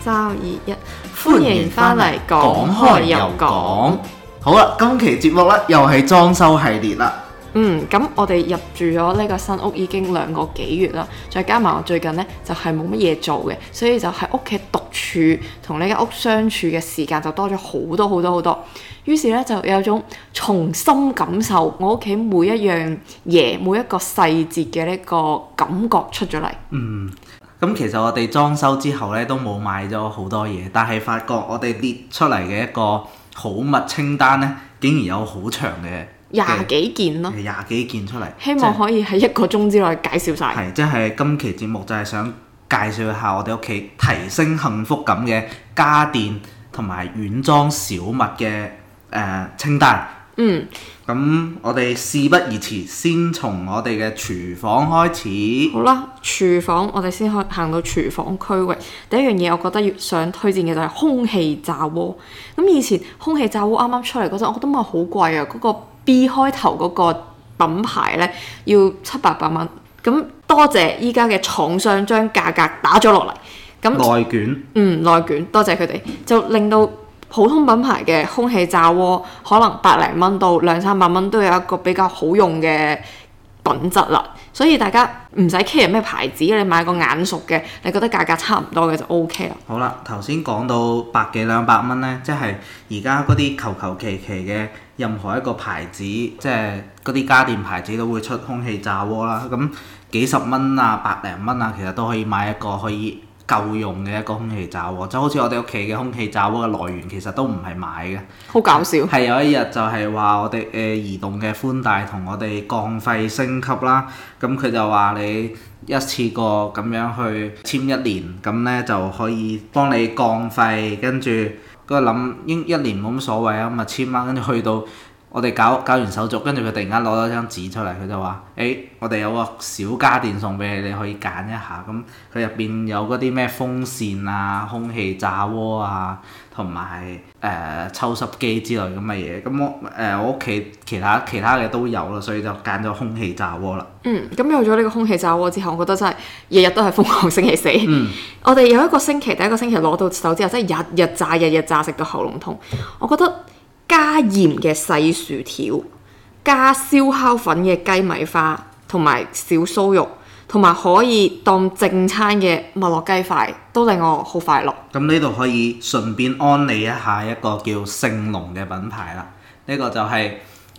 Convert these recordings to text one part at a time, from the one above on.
三二一，歡迎翻嚟，講開又講。好啦，今期節目咧又係裝修系列啦。嗯，咁我哋入住咗呢個新屋已經兩個幾月啦，再加埋我最近咧就係冇乜嘢做嘅，所以就喺屋企。住同呢間屋相處嘅時間就多咗好多好多好多，於是咧就有種重新感受我屋企每一樣嘢，每一個細節嘅呢個感覺出咗嚟。嗯。嗯，咁其實我哋裝修之後咧都冇買咗好多嘢，但係發覺我哋列出嚟嘅一個好物清單咧，竟然有好長嘅廿幾件咯，啊，廿幾件出嚟，希望可以喺一個鐘之內介紹晒。係、就是，即係、就是，今期節目就係想。介紹下我哋屋企提升幸福感嘅家電同埋軟裝小物嘅誒、呃、清單。嗯，咁我哋事不宜遲，先從我哋嘅廚房開始。好啦，廚房我哋先去行到廚房區域。第一樣嘢，我覺得要想推薦嘅就係空氣炸鍋。咁以前空氣炸鍋啱啱出嚟嗰陣，我覺得咪好貴啊。嗰個 B 開頭嗰個品牌咧，要七八百蚊。咁多謝依家嘅廠商將價格打咗落嚟，咁內卷，嗯，內卷，多謝佢哋，就令到普通品牌嘅空氣炸鍋可能百零蚊到兩三百蚊都有一個比較好用嘅品質啦。所以大家唔使 care 咩牌子，你買個眼熟嘅，你覺得價格差唔多嘅就 OK 啦。好啦，頭先講到百幾兩百蚊呢，即係而家嗰啲求求其其嘅。任何一個牌子，即係嗰啲家電牌子都會出空氣炸鍋啦。咁幾十蚊啊，百零蚊啊，其實都可以買一個可以夠用嘅一個空氣炸鍋。就好似我哋屋企嘅空氣炸鍋嘅來源，其實都唔係買嘅。好搞笑！係有一日就係話我哋誒移動嘅寬帶同我哋降費升級啦。咁佢就話你一次過咁樣去簽一年，咁呢，就可以幫你降費，跟住。嗰個諗應一年冇乜所謂啊，咁啊千蚊，跟住去到。我哋搞搞完手續，跟住佢突然間攞咗張紙出嚟，佢就話，誒、欸，我哋有個小家電送俾你，你可以揀一下。咁佢入邊有嗰啲咩風扇啊、空氣炸鍋啊，同埋誒抽濕機之類咁嘅嘢。咁我誒、呃、我屋企其他其他嘅都有咯，所以就揀咗空氣炸鍋啦。嗯，咁有咗呢個空氣炸鍋之後，我覺得真係日日都係瘋狂星期四。嗯，我哋有一個星期，第一個星期攞到手之後，真係日日炸，日日炸，食到喉嚨痛。我覺得。加鹽嘅細薯條、加燒烤粉嘅雞米花、同埋小酥肉、同埋可以當正餐嘅麥樂雞塊，都令我好快樂。咁呢度可以順便安利一下一個叫聖龍嘅品牌啦，呢、這個就係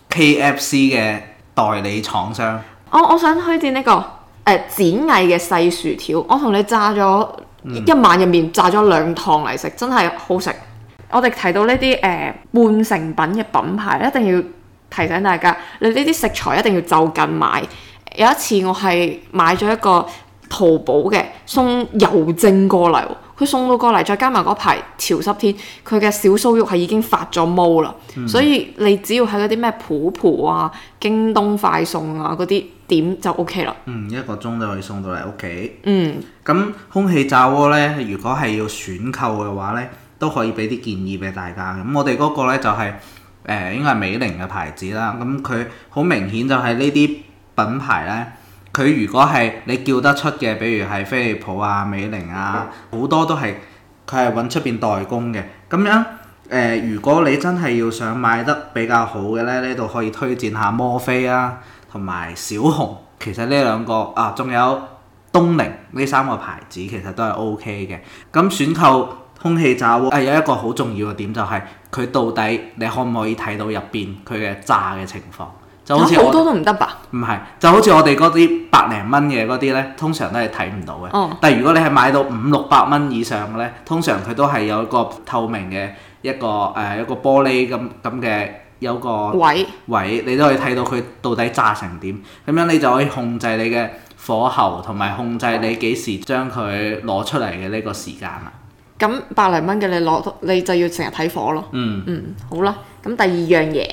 KFC 嘅代理廠商。我我想推薦呢、這個誒展、呃、藝嘅細薯條，我同你炸咗、嗯、一晚入面炸咗兩趟嚟食，真係好食。我哋提到呢啲誒半成品嘅品牌，一定要提醒大家，你呢啲食材一定要就近買。有一次我係買咗一個淘寶嘅送郵政過嚟，佢送到過嚟，再加埋嗰排潮濕天，佢嘅小酥肉係已經發咗毛啦。嗯、所以你只要喺嗰啲咩普普啊、京東快送啊嗰啲點就 OK 啦。嗯，一個鐘就可以送到嚟屋企。OK、嗯，咁空氣炸鍋呢，如果係要選購嘅話呢，都可以俾啲建議俾大家。咁，我哋嗰個咧就係、是、誒、呃、應該係美菱嘅牌子啦。咁佢好明顯就係呢啲品牌咧，佢如果係你叫得出嘅，比如係飛利浦啊、美菱啊，好多都係佢係揾出邊代工嘅。咁樣誒、呃，如果你真係要想買得比較好嘅咧，呢度可以推薦下摩飛啊，同埋小熊。其實呢兩個啊，仲有東菱呢三個牌子其實都係 OK 嘅。咁選購。空氣炸鍋、啊、有一個好重要嘅點就係、是、佢到底你可唔可以睇到入邊佢嘅炸嘅情況？就好似，好、啊、多都唔得吧？唔係，就好似我哋嗰啲百零蚊嘅嗰啲呢，通常都係睇唔到嘅。哦、但係如果你係買到五六百蚊以上嘅呢，通常佢都係有一個透明嘅一個誒、呃、一個玻璃咁咁嘅有個位位，你都可以睇到佢到底炸成點。咁樣你就可以控制你嘅火候同埋控制你幾時將佢攞出嚟嘅呢個時間啦。咁百零蚊嘅你攞，你就要成日睇火咯。嗯嗯，好啦。咁第二樣嘢，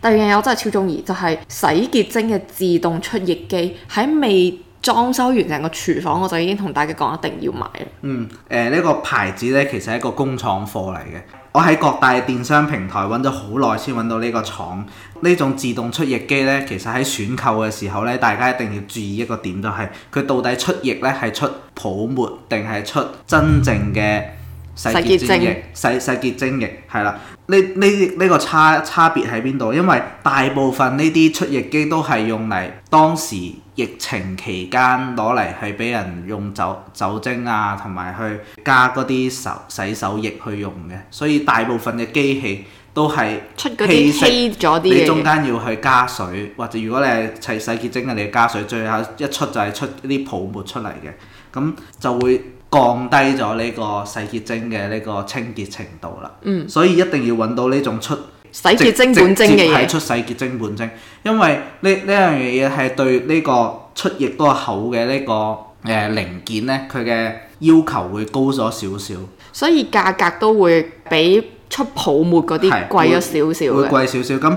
第二樣嘢我真係超中意，就係洗潔精嘅自動出液機。喺未裝修完成個廚房，我就已經同大家講一定要買。嗯，誒呢個牌子呢，其實係一個工廠貨嚟嘅。我喺各大電商平台揾咗好耐先揾到呢個廠。呢種自動出液機呢，其實喺選購嘅時候呢，大家一定要注意一個點，就係佢到底出液呢係出泡沫定係出真正嘅。嗯。洗潔精液、洗洗潔精液，係啦，呢呢呢個差差別喺邊度？因為大部分呢啲出液機都係用嚟當時疫情期間攞嚟去俾人用酒酒精啊，同埋去加嗰啲手洗手液去用嘅，所以大部分嘅機器都係出嗰啲稀咗啲，你中間要去加水，或者如果你係砌洗潔精嘅，你要加水，最後一出就係出啲泡沫出嚟嘅，咁就會。降低咗呢個洗潔精嘅呢個清潔程度啦，嗯，所以一定要揾到呢種出洗潔精本精嘅嘢，出洗潔精本精，因為呢呢樣嘢係對呢個出液嗰個口嘅呢個誒零件呢，佢嘅要求會高咗少少，所以價格都會比出泡沫嗰啲貴咗少少嘅，會貴少少咁。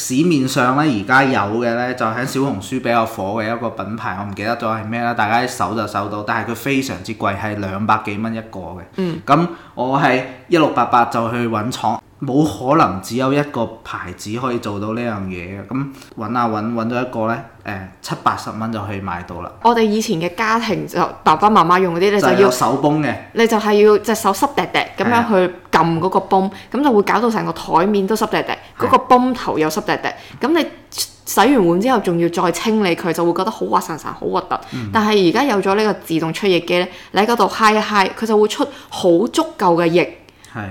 市面上咧而家有嘅咧，就喺、係、小紅書比較火嘅一個品牌，我唔記得咗係咩啦。大家搜就搜到，但係佢非常之貴，係兩百幾蚊一個嘅。咁、嗯、我係一六八八就去揾廠。冇可能只有一個牌子可以做到呢樣嘢嘅，咁揾下揾揾到一個呢，誒七八十蚊就可以買到啦。我哋以前嘅家庭就爸爸媽媽用嗰啲，你就要就手泵嘅，你就係要隻手濕滴滴咁樣去撳嗰個泵，咁的就會搞到成個台面都濕滴滴，嗰的個泵頭又濕滴滴。咁你洗完碗之後仲要再清理佢，就會覺得好滑潺潺，好核突。嗯、但係而家有咗呢個自動出液機呢，你喺嗰度嗨一嗨，佢就會出好足夠嘅液，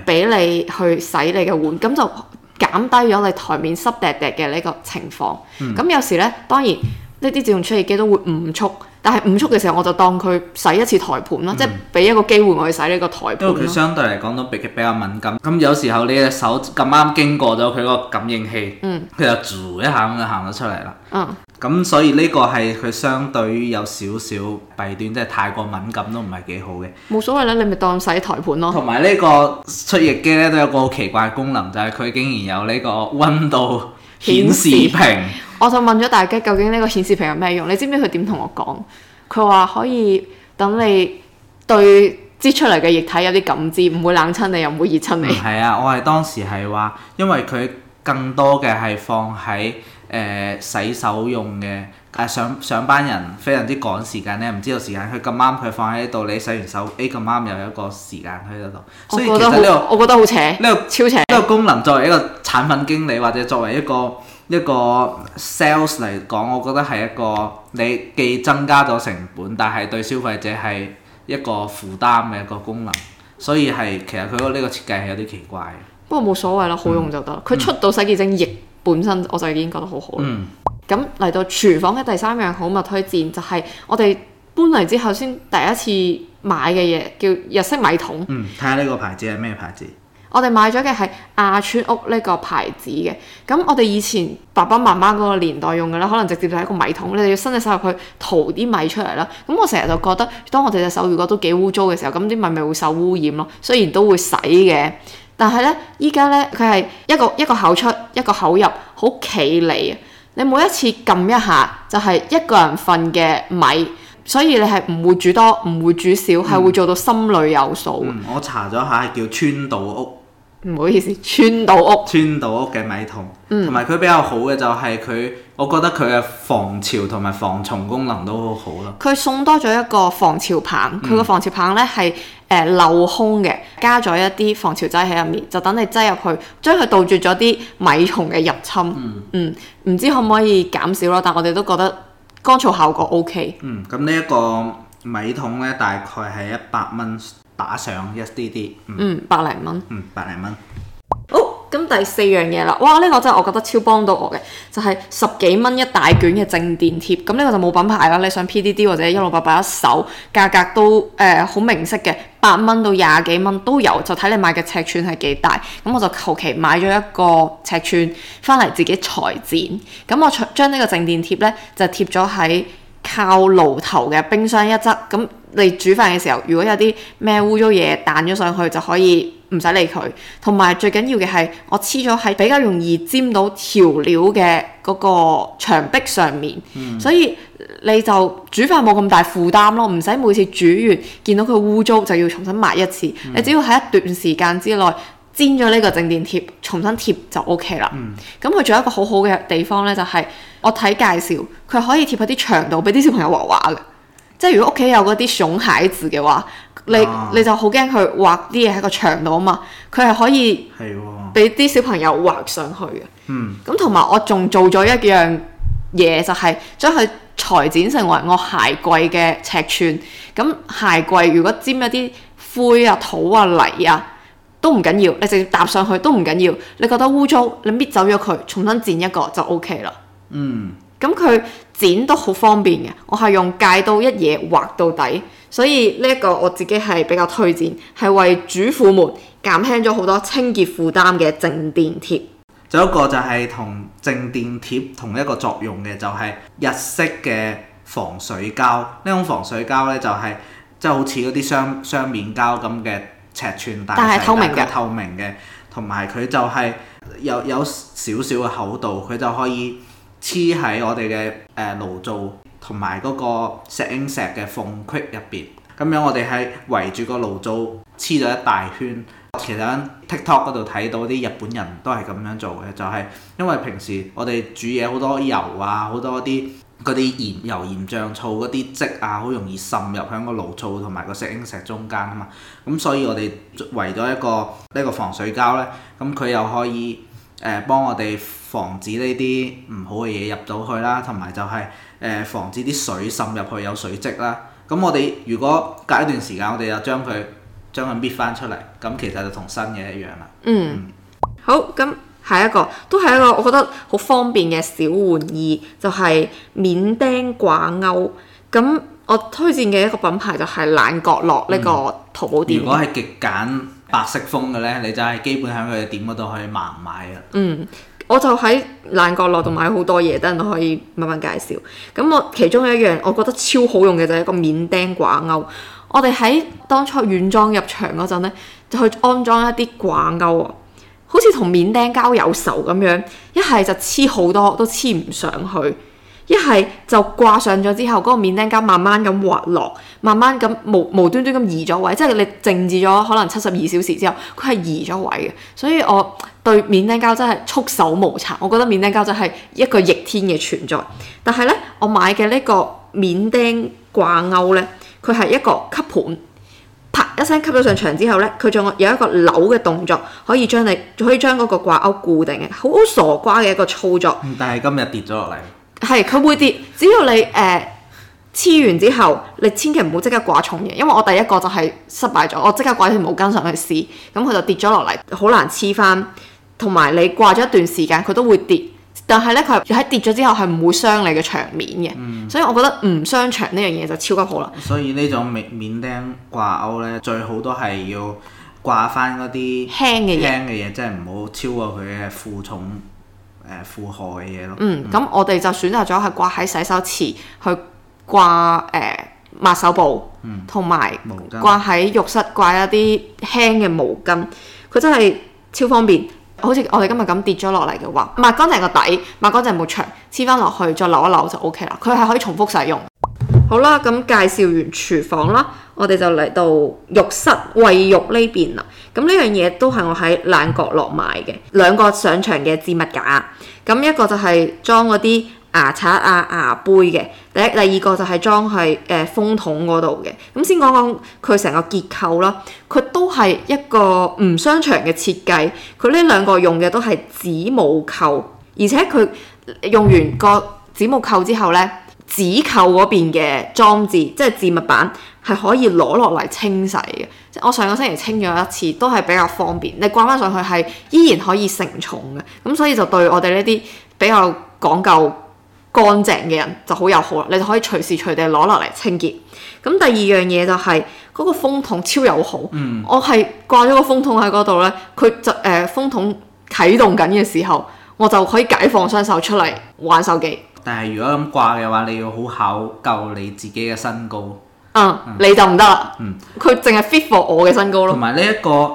俾是你去洗你嘅碗，咁就減低咗你台面濕滴滴嘅呢個情況。咁、嗯、有時咧，當然。呢啲自動出液機都會誤觸，但係誤觸嘅時候我就當佢洗一次台盤啦，嗯、即係俾一個機會我去洗呢個台盤。因為佢相對嚟講都比比較敏感，咁有時候你隻手咁啱經過咗佢個感應器，佢、嗯、就噓一下咁就行咗出嚟啦。咁、嗯、所以呢個係佢相對於有少少弊端，即、就、係、是、太過敏感都唔係幾好嘅。冇所謂啦，你咪當洗台盤咯。同埋呢個出液機咧都有個好奇怪嘅功能，就係、是、佢竟然有呢個温度。顯示屏， 我就問咗大家究竟呢個顯示屏有咩用？你知唔知佢點同我講？佢話可以等你對擠出嚟嘅液體有啲感知，唔會冷親你，又唔會熱親你。係、嗯、啊，我係當時係話，因為佢更多嘅係放喺誒、呃、洗手用嘅。誒上上班人非常之趕時間咧，唔知道時間，佢咁啱佢放喺度，你洗完手，A 咁啱又有一個時間喺嗰度。我覺得呢、呢個，我覺得好扯，呢、呢個超扯邪。呢個功能作為一個產品經理或者作為一個一個 sales 嚟講，我覺得係一個你既增加咗成本，但係對消費者係一個負擔嘅一個功能。所以係其實佢個呢個設計係有啲奇怪。嗯、不過冇所謂啦，好用就得。佢出到洗潔精液本身，嗯、本身我就已經覺得好好啦。嗯咁嚟到廚房嘅第三樣好物推薦就係、是、我哋搬嚟之後先第一次買嘅嘢，叫日式米桶。嗯，睇下呢個牌子係咩牌子？我哋買咗嘅係亞村屋呢個牌子嘅。咁我哋以前爸爸媽媽嗰個年代用嘅咧，可能直接就係一個米桶，你哋要伸隻手入去淘啲米出嚟啦。咁我成日就覺得，當我哋隻手如果都幾污糟嘅時候，咁啲米咪會受污染咯。雖然都會洗嘅，但係呢，依家呢，佢係一個一個口出一個口入，好企理啊！你每一次撳一下就係、是、一個人份嘅米，所以你係唔會煮多，唔會煮少，係、嗯、會做到心裏有數、嗯。我查咗下，叫川島屋。唔好意思，川島屋，川島屋嘅米桶，同埋佢比較好嘅就係佢，我覺得佢嘅防潮同埋防蟲功能都好好咯。佢送多咗一個防潮棒，佢個、嗯、防潮棒呢係誒、呃、漏空嘅，加咗一啲防潮劑喺入面，就等你擠入去，將佢杜絕咗啲米蟲嘅入侵。嗯，唔、嗯、知可唔可以減少咯？但我哋都覺得乾燥效果 OK。嗯，咁呢一個米桶呢，大概係一百蚊。打上一啲啲，嗯，百零蚊，嗯，百零蚊。好、哦，咁第四樣嘢啦，哇，呢、這個真係我覺得超幫到我嘅，就係、是、十幾蚊一大卷嘅靜電貼，咁呢個就冇品牌啦，你想 PDD 或者一六八八一手，價格都誒好、呃、明識嘅，八蚊到廿幾蚊都有，就睇你買嘅尺寸係幾大。咁我就求其買咗一個尺寸翻嚟自己裁剪。咁我將呢個靜電貼呢，就貼咗喺靠爐頭嘅冰箱一側。咁你煮飯嘅時候，如果有啲咩污糟嘢彈咗上去，就可以唔使理佢。同埋最緊要嘅係，我黐咗喺比較容易沾到調料嘅嗰個牆壁上面，嗯、所以你就煮飯冇咁大負擔咯，唔使每次煮完見到佢污糟就要重新抹一次。嗯、你只要喺一段時間之內煎咗呢個靜電貼，重新貼就 OK 啦。咁佢仲有一個好好嘅地方咧，就係、是、我睇介紹，佢可以貼喺啲牆度俾啲小朋友畫畫嘅。即係如果屋企有嗰啲熊孩子嘅話，你你就好驚佢畫啲嘢喺個牆度啊嘛，佢係可以俾啲小朋友畫上去嘅。嗯，咁同埋我仲做咗一樣嘢，就係將佢裁剪成為我鞋櫃嘅尺寸。咁鞋櫃如果沾一啲灰啊、土啊、泥啊，都唔緊要，你直接搭上去都唔緊要。你覺得污糟，你搣走咗佢，重新剪一個就 OK 啦。嗯，咁佢。剪都好方便嘅，我係用戒刀一嘢劃到底，所以呢一個我自己係比較推薦，係為主婦們減輕咗好多清潔負擔嘅靜電貼。仲有一個就係同靜電貼同一個作用嘅，就係、係、日式嘅防水膠。呢種防水膠呢、就係，就係即係好似嗰啲雙雙面膠咁嘅，尺寸大，但係透明嘅，透明嘅，同埋佢就係有有少少嘅厚度，佢就可以。黐喺我哋嘅誒爐灶同埋嗰個石英石嘅縫隙入邊，咁樣我哋喺圍住個爐灶黐咗一大圈。其實喺 TikTok 嗰度睇到啲日本人都係咁樣做嘅，就係因為平時我哋煮嘢好多油啊，好多啲嗰啲鹽、油鹽醬醋嗰啲漬啊，好容易滲入喺個爐灶同埋個石英石中間啊嘛。咁所以我哋圍咗一個呢個防水膠呢，咁佢又可以。誒幫我哋防止呢啲唔好嘅嘢入到去啦，同埋就係誒防止啲水滲入去有水漬啦。咁我哋如果隔一段時間，我哋就將佢將佢搣翻出嚟，咁其實就同新嘢一樣啦。嗯，嗯好，咁下一個都係一個我覺得好方便嘅小玩意，就係、是、免釘掛鈎。咁我推薦嘅一個品牌就係懶角落呢個淘寶店。嗯、如果係極簡，白色風嘅咧，你就係基本喺佢店嗰度可以盲買嘅。嗯，我就喺懶角落度買好多嘢，等陣都可以慢慢介紹。咁我其中一樣，我覺得超好用嘅就係一個免釘掛鈎。我哋喺當初軟裝入場嗰陣咧，就去安裝一啲掛鈎啊，好似同免釘膠有仇咁樣，一係就黐好多都黐唔上去。一係就掛上咗之後，嗰個免釘膠慢慢咁滑落，慢慢咁無無端端咁移咗位，即係你靜置咗可能七十二小時之後，佢係移咗位嘅。所以我對免釘膠真係束手無策。我覺得免釘膠真係一個逆天嘅存在。但係呢，我買嘅呢個免釘掛鈎呢，佢係一個吸盤，啪一聲吸咗上牆之後呢，佢仲有一個扭嘅動作，可以將你可以將嗰個掛鈎固定嘅，好傻瓜嘅一個操作。但係今日跌咗落嚟。係，佢會跌。只要你誒黐、呃、完之後，你千祈唔好即刻掛重嘢，因為我第一個就係失敗咗，我即刻掛條毛巾上去試，咁、嗯、佢就跌咗落嚟，好難黐翻。同埋你掛咗一段時間，佢都會跌。但係咧，佢喺跌咗之後係唔會傷你嘅牆面嘅，嗯、所以我覺得唔傷牆呢樣嘢就超級好啦。所以呢種免免釘掛鈎咧，最好都係要掛翻嗰啲輕嘅嘢，輕嘅嘢即係唔好超過佢嘅負重。誒負荷嘅嘢咯，嗯，咁我哋就選擇咗係掛喺洗手池去掛誒、呃、抹手布，同埋、嗯、掛喺浴室掛一啲輕嘅毛巾，佢真係超方便。好似我哋今日咁跌咗落嚟嘅話，抹乾淨個底，抹乾淨冇塵，黐翻落去再扭一扭就 OK 啦。佢係可以重複使用。好啦，咁介紹完廚房啦。我哋就嚟到浴室、衛浴呢邊啦。咁呢樣嘢都係我喺冷角落買嘅，兩個上牆嘅置物架。咁一個就係裝嗰啲牙刷啊、牙杯嘅。第一第二個就係裝喺誒風筒嗰度嘅。咁先講講佢成個結構啦。佢都係一個唔傷牆嘅設計。佢呢兩個用嘅都係子母扣，而且佢用完個子母扣之後呢。指扣嗰邊嘅裝置，即係置物板，係可以攞落嚟清洗嘅。即係我上個星期清咗一次，都係比較方便。你掛翻上去係依然可以承重嘅，咁所以就對我哋呢啲比較講究乾淨嘅人就好友好啦。你就可以隨時隨地攞落嚟清潔。咁第二樣嘢就係嗰個風筒超友好。嗯，我係掛咗個風筒喺嗰度咧，佢就誒風筒啟動緊嘅時候，我就可以解放雙手出嚟玩手機。但係如果咁掛嘅話，你要好考究你自己嘅身高。嗯，嗯你就唔得啦。嗯，佢淨係 fit for 我嘅身高咯。同埋呢一個，誒、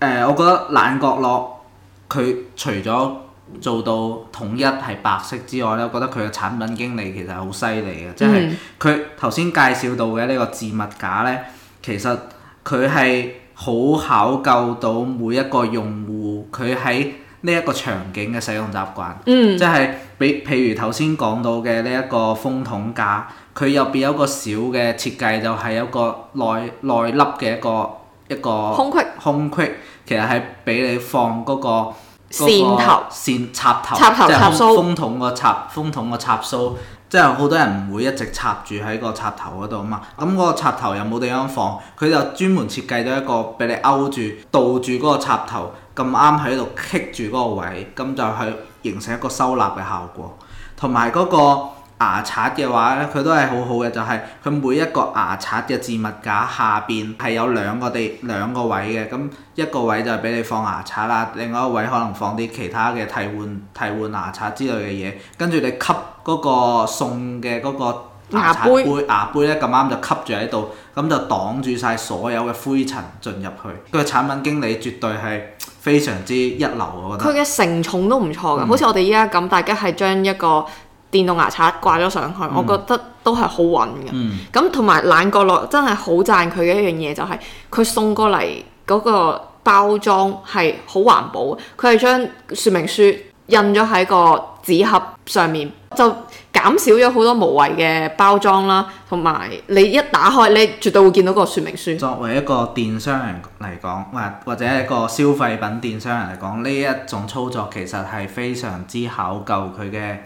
呃，我覺得懶角落，佢除咗做到統一係白色之外咧，我覺得佢嘅產品經理其實係好犀利嘅，即係佢頭先介紹到嘅呢個置物架咧，其實佢係好考究到每一個用戶佢喺呢一個場景嘅使用習慣，嗯、即係比譬如頭先講到嘅呢一個風筒架，佢入邊有個小嘅設計，就係有個內內凹嘅一個一個空空隙，空隙其實係俾你放嗰、嗰個線頭、線插頭，插頭即係頭風筒個插風筒個插蘇。即係好多人唔會一直插住喺個插頭嗰度啊嘛，咁個插頭又冇地方放，佢就專門設計咗一個俾你勾住、倒住嗰個插頭，咁啱喺度棘住嗰個位，咁就去形成一個收納嘅效果，同埋嗰個。牙刷嘅話咧，佢都係好好嘅，就係、是、佢每一個牙刷嘅置物架下邊係有兩個地兩個位嘅，咁一個位就係俾你放牙刷啦，另外一個位可能放啲其他嘅替換替換牙刷之類嘅嘢，跟住你吸嗰個送嘅嗰個牙杯杯牙杯咧，咁啱就吸住喺度，咁就擋住晒所有嘅灰塵進入去。佢嘅產品經理絕對係非常之一流，我覺得。佢嘅承重都唔錯㗎，嗯、好似我哋依家咁，大家係將一個。電動牙刷掛咗上去，嗯、我覺得都係好穩嘅。咁同埋懶角落真係好讚佢嘅一樣嘢，就係，就係佢送過嚟嗰個包裝係好環保，佢係將說明書印咗喺個紙盒上面，就減少咗好多無謂嘅包裝啦。同埋你一打開，你絕對會見到個說明書。作為一個電商人嚟講，或或者一個消費品電商人嚟講，呢一種操作其實係非常之考究佢嘅。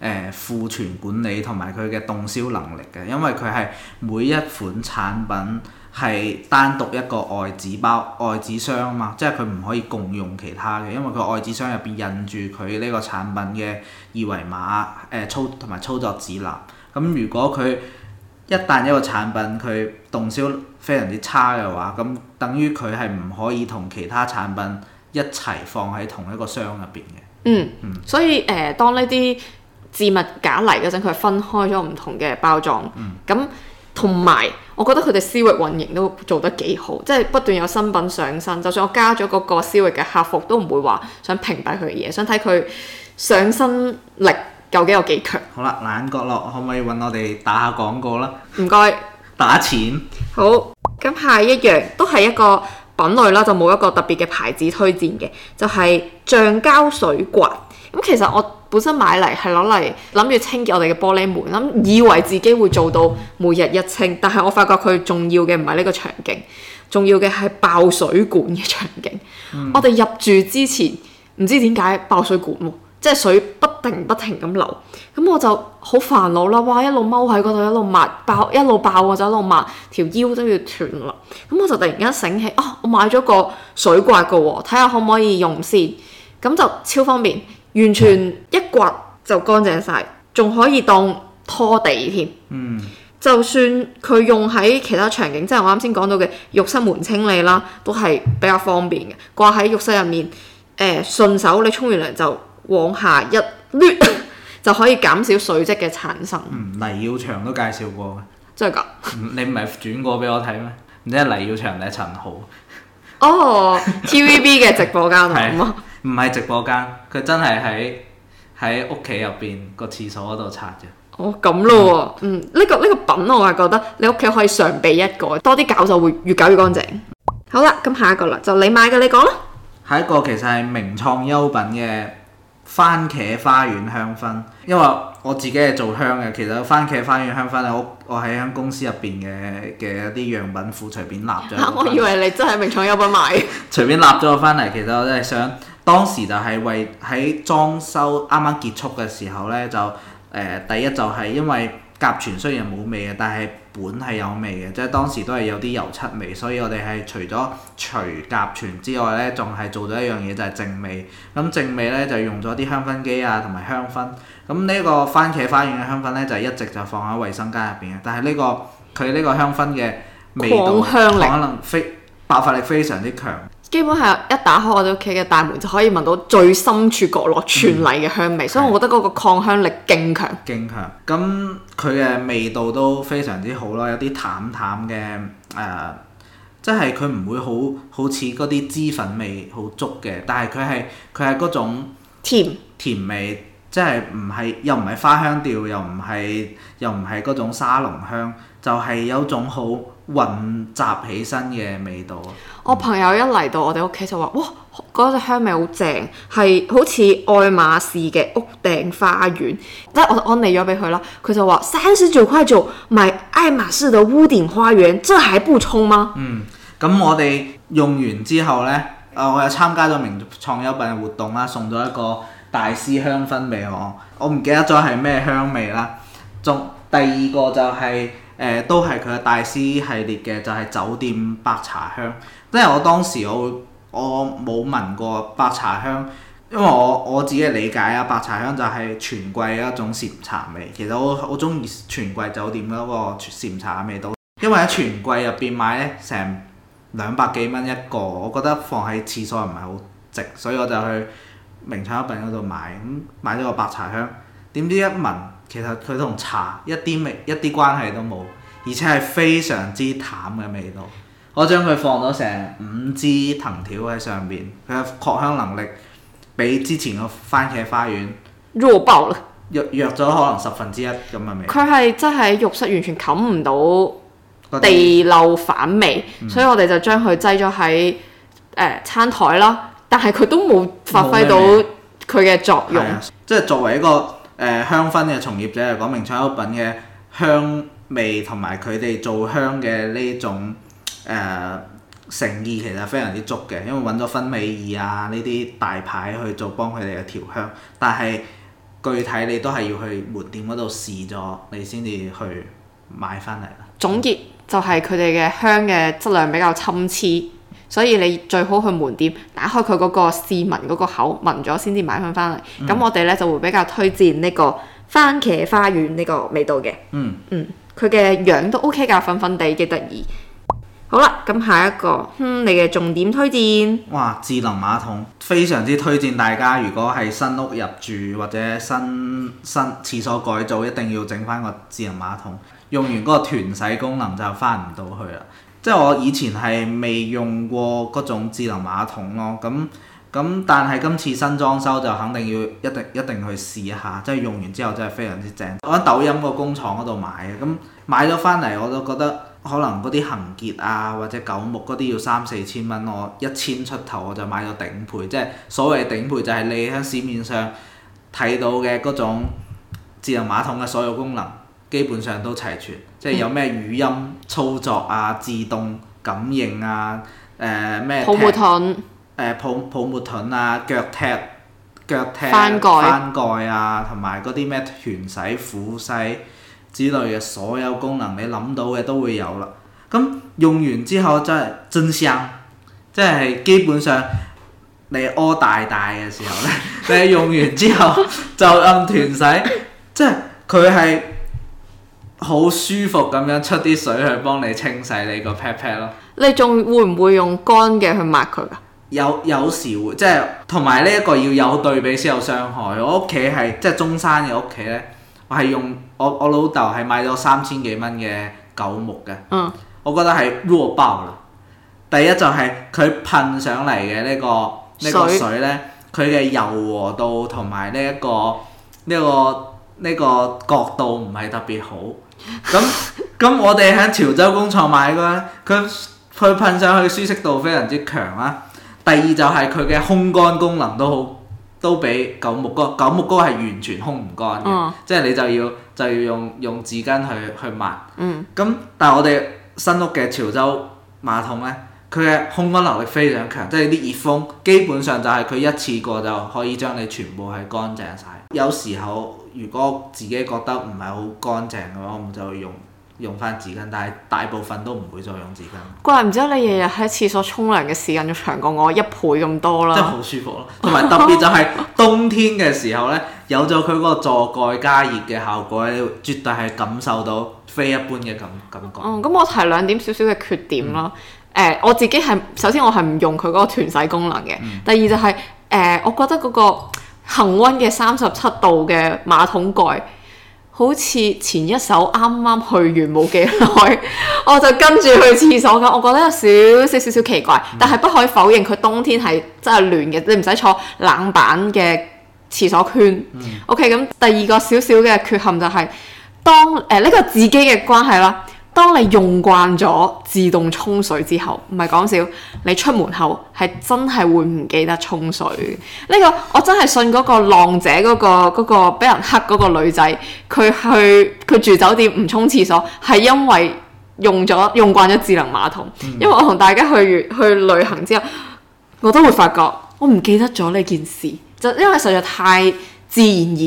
誒、庫存管理同埋佢嘅動銷能力嘅，因為佢係每一款產品係單獨一個外紙包、外紙箱啊嘛，即係佢唔可以共用其他嘅，因為佢外紙箱入邊印住佢呢個產品嘅二維碼，誒、呃、操同埋操作指南。咁如果佢一旦一個產品佢動銷非常之差嘅話，咁等於佢係唔可以同其他產品一齊放喺同一個箱入邊嘅。嗯嗯，所以誒、呃，當呢啲置物架嚟嗰陣，佢係分開咗唔同嘅包裝。咁同埋，我覺得佢哋私域運營都做得幾好，即係不斷有新品上新。就算我加咗嗰個私域嘅客服，都唔會話想屏蔽佢嘅嘢，想睇佢上新力究竟有幾強。好啦，懶角落可唔可以揾我哋打下廣告啦？唔該晒。打錢。好，咁下一樣都係一個品類啦，就冇一個特別嘅牌子推薦嘅，就係橡膠水刮。咁其實我本身買嚟係攞嚟諗住清潔我哋嘅玻璃門，諗以為自己會做到每日一清，但係我發覺佢重要嘅唔係呢個場景，重要嘅係爆水管嘅場景。嗯、我哋入住之前唔知點解爆水管喎，即係水不停不停咁流，咁我就好煩惱啦。哇，一路踎喺嗰度，一路抹爆，一路爆啊，就一路抹，條腰都要斷啦。咁我就突然間醒起，啊、哦，我買咗個水刮㗎喎，睇下可唔可以用先，咁就超方便。完全一刮就乾淨晒，仲可以當拖地添。嗯，就算佢用喺其他場景，即係我啱先講到嘅浴室門清理啦，都係比較方便嘅。掛喺浴室入面，誒、呃、順手你沖完涼就往下一捋， 就可以減少水漬嘅產生。黎耀祥都介紹過嘅，真係㗎、嗯。你唔係轉過俾我睇咩？唔知黎耀祥定係陳豪？哦，TVB 嘅直播間同、 嗯 唔係直播間，佢真係喺喺屋企入邊個廁所嗰度擦嘅。哦，咁咯，嗯，呢、嗯呢個呢、呢個品我係覺得你屋企可以常備一個，多啲搞就會越搞越乾淨。嗯、好啦，咁下一個啦，就你買嘅你講啦。下一個其實係名創優品嘅番茄花園香薰，因為我自己係做香嘅，其實番茄花園香薰咧，我我喺喺公司入邊嘅嘅一啲樣品庫隨便立咗、啊。我以為你真係名創優品買。 隨便立咗翻嚟，其實我真係想。當時就係為喺裝修啱啱結束嘅時候呢，就誒、呃、第一就係因為甲醛雖然冇味嘅，但係本係有味嘅，即、就、係、是、當時都係有啲油漆味，所以我哋係除咗除甲醛之外呢，仲係做咗一樣嘢就係、是、淨味。咁淨味呢，就用咗啲香薰機啊同埋香薰。咁呢個番茄花園嘅香薰呢，就一直就放喺衞生間入邊嘅。但係呢、這個佢呢個香薰嘅味道香可能非爆發力非常之強。基本係一打開我哋屋企嘅大門，就可以聞到最深處角落傳嚟嘅香味，所以我覺得嗰個擴香力勁強。勁、嗯、強，咁佢嘅味道都非常之好咯，有啲淡淡嘅誒，即係佢唔會好好似嗰啲脂粉味好足嘅，但係佢係佢係嗰種甜甜味。甜即係唔係又唔係花香調，又唔係又唔係嗰種沙龍香，就係、是、有種好混雜起身嘅味道。我朋友一嚟到我哋屋企就話：嗯、哇，嗰、那、隻、個、香味好正，係好似愛馬仕嘅屋頂花園。得我安利咗俾佢啦，佢就話：三十九塊九買愛馬仕的屋頂花園，這還不衝嗎？嗯，咁我哋用完之後呢，啊、呃，我又參加咗名創優品嘅活動啦，送咗一個。大師香氛味，我，我唔記得咗係咩香味啦。仲第二個就係、是、誒、呃，都係佢嘅大師系列嘅，就係、是、酒店白茶香。即係我當時我我冇聞過白茶香，因為我我自己嘅理解啊，白茶香就係全季一種禪茶味。其實我好中意全季酒店嗰個禪茶味道，因為喺全季入邊買咧成兩百幾蚊一個，我覺得放喺廁所又唔係好值，所以我就去。名產品嗰度買，咁買咗個白茶香，點知一聞，其實佢同茶一啲味一啲關係都冇，而且係非常之淡嘅味道。我將佢放咗成五支藤條喺上面，佢嘅擴香能力比之前個番茄花園弱爆了啦，弱弱咗可能十分之一咁嘅味道。佢係真係浴室完全冚唔到地漏反味，些所以我哋就將佢擠咗喺誒餐枱啦。但係佢都冇發揮到佢嘅作用。作用即係作為一個誒、呃、香薰嘅從業者嚟講，名創優品嘅香味同埋佢哋做香嘅呢種誒誠、呃、意其實非常之足嘅，因為揾咗芬美意啊呢啲大牌去做幫佢哋嘅調香。但係具體你都係要去門店嗰度試咗，你先至去買翻嚟。總結就係佢哋嘅香嘅質量比較參差。所以你最好去門店打開佢嗰個試聞嗰個口聞咗先至買翻翻嚟。咁、嗯、我哋咧就會比較推薦呢個番茄花園呢個味道嘅。嗯嗯，佢嘅、嗯、樣都 OK 㗎，粉粉地幾得意。好啦，咁下一個，哼、嗯，你嘅重點推薦。哇，智能馬桶非常之推薦大家，如果係新屋入住或者新新廁所改造，一定要整翻個智能馬桶。用完嗰個團洗功能就翻唔到去啦。即係我以前係未用過嗰種智能馬桶咯，咁咁但係今次新裝修就肯定要一定一定去試一下，即係用完之後真係非常之正。我喺抖音個工廠嗰度買嘅，咁買咗翻嚟我都覺得可能嗰啲恒潔啊或者九牧嗰啲要三四千蚊咯，我一千出頭我就買咗頂配，即係所謂頂配就係你喺市面上睇到嘅嗰種智能馬桶嘅所有功能基本上都齊全，即係有咩語音。嗯操作啊，自動感應啊，誒、呃、咩？泡沫盾，誒泡泡沫盾啊，腳踢腳踢翻蓋翻蓋啊，同埋嗰啲咩臀洗婦洗之類嘅所有功能，你諗到嘅都會有啦。咁用完之後真係真香，即係基本上你屙大大嘅時候咧， 你用完之後就按臀洗，即係佢係。好舒服咁樣出啲水去幫你清洗你個 pat pat 咯。你仲會唔會用乾嘅去抹佢噶？有，有時會，即係同埋呢一個要有對比先有傷害。我屋企係即係中山嘅屋企咧，我係用我我老豆係買咗三千幾蚊嘅九牧嘅。嗯，我覺得係弱爆啦。第一就係佢噴上嚟嘅呢個呢個水咧，佢嘅水柔和度同埋呢一個呢個呢個角度唔係特別好。咁咁 我哋喺潮州工廠買嘅咧，佢，佢噴上去舒適度非常之強啦、啊。第二就係佢嘅烘乾功能都好，都比九牧哥，九牧哥係完全烘唔乾嘅，哦、即係你就要就要用用紙巾去去抹。嗯。咁但係我哋新屋嘅潮州馬桶咧，佢嘅烘乾能力非常強，即係啲熱風基本上就係佢一次過就可以將你全部係乾淨晒。有時候。如果自己覺得唔係好乾淨嘅話，我咪就會用用翻紙巾，但係大部分都唔會再用紙巾。怪唔之得你日日喺廁所沖涼嘅時間仲長過我一倍咁多啦！真係好舒服咯，同埋特別就係冬天嘅時候呢，有咗佢嗰個座蓋加熱嘅效果咧，絕對係感受到非一般嘅感感覺。哦、嗯，咁我提兩點少少嘅缺點咯。誒、嗯呃，我自己係首先我係唔用佢嗰個臀洗功能嘅。嗯、第二就係、是、誒、呃，我覺得嗰、那個，恒溫嘅三十七度嘅馬桶蓋，好似前一手啱啱去完冇幾耐， 我就跟住去廁所咁，我覺得有少少少少奇怪，但係不可以否認佢冬天係真係暖嘅，你唔使坐冷板嘅廁所圈。嗯、OK，咁第二個少少嘅缺陷就係、是、當誒呢、呃這個自己嘅關係啦。當你用慣咗自動沖水之後，唔係講笑，你出門口係真係會唔記得沖水。呢個我真係信嗰個浪姐嗰個嗰個俾人黑嗰個女仔，佢去佢住酒店唔沖廁所，係因為用咗用慣咗智能馬桶。因為我同大家去去旅行之後，我都會發覺我唔記得咗呢件事，就因為實在太。自然而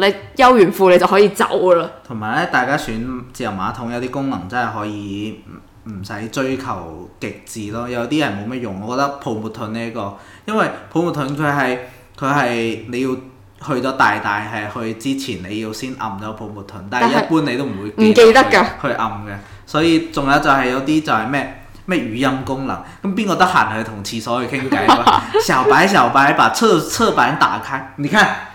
然，你悠完褲你就可以走噶啦。同埋咧，大家選智能馬桶有啲功能真係可以唔唔使追求極致咯。有啲人冇乜用，我覺得泡沫盾呢一個，因為泡沫盾佢係佢係你要去咗大大係去之前，你要先按咗泡沫盾，但係一般你都唔會唔記得㗎，去按嘅。所以仲有就係有啲就係咩咩語音功能，咁邊個得閒去同廁所去傾偈啊？小白小白，把側側板打開，你看。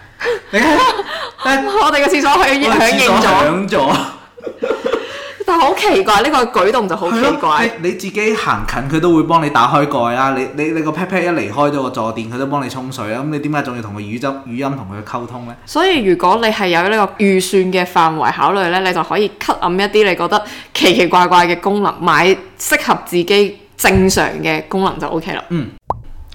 你 是 我哋個廁所可以響應咗， 但係好奇怪呢 個舉動就好奇怪、啊。你自己行近佢都會幫你打開蓋啊。你你你個 pet pet 一離開咗個坐墊，佢都幫你沖水啊。咁你點解仲要同佢語,語音語音同佢溝通呢？所以如果你係有呢個預算嘅範圍考慮呢，你就可以吸暗一啲你覺得奇奇怪怪嘅功能，買適合自己正常嘅功能就 O K 啦。嗯，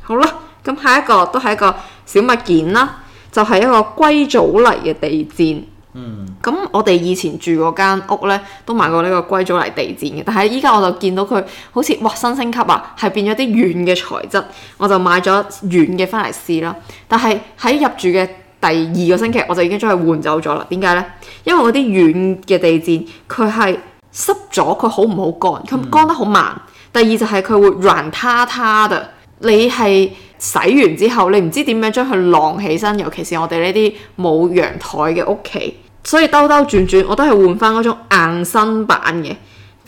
好啦，咁下一個都係一個小物件啦。就係一個硅藻泥嘅地墊，咁、嗯、我哋以前住嗰間屋咧都買過呢個硅藻泥地墊嘅，但係依家我就見到佢好似哇新升級啊，係變咗啲軟嘅材質，我就買咗軟嘅翻嚟試啦。但係喺入住嘅第二個星期我就已經將佢換走咗啦。點解咧？因為嗰啲軟嘅地墊佢係濕咗，佢好唔好乾？佢乾得好慢。嗯、第二就係佢會軟塌塌嘅，你係。洗完之後，你唔知點樣將佢晾起身，尤其是我哋呢啲冇陽台嘅屋企，所以兜兜轉轉我都係換翻嗰種硬身版嘅。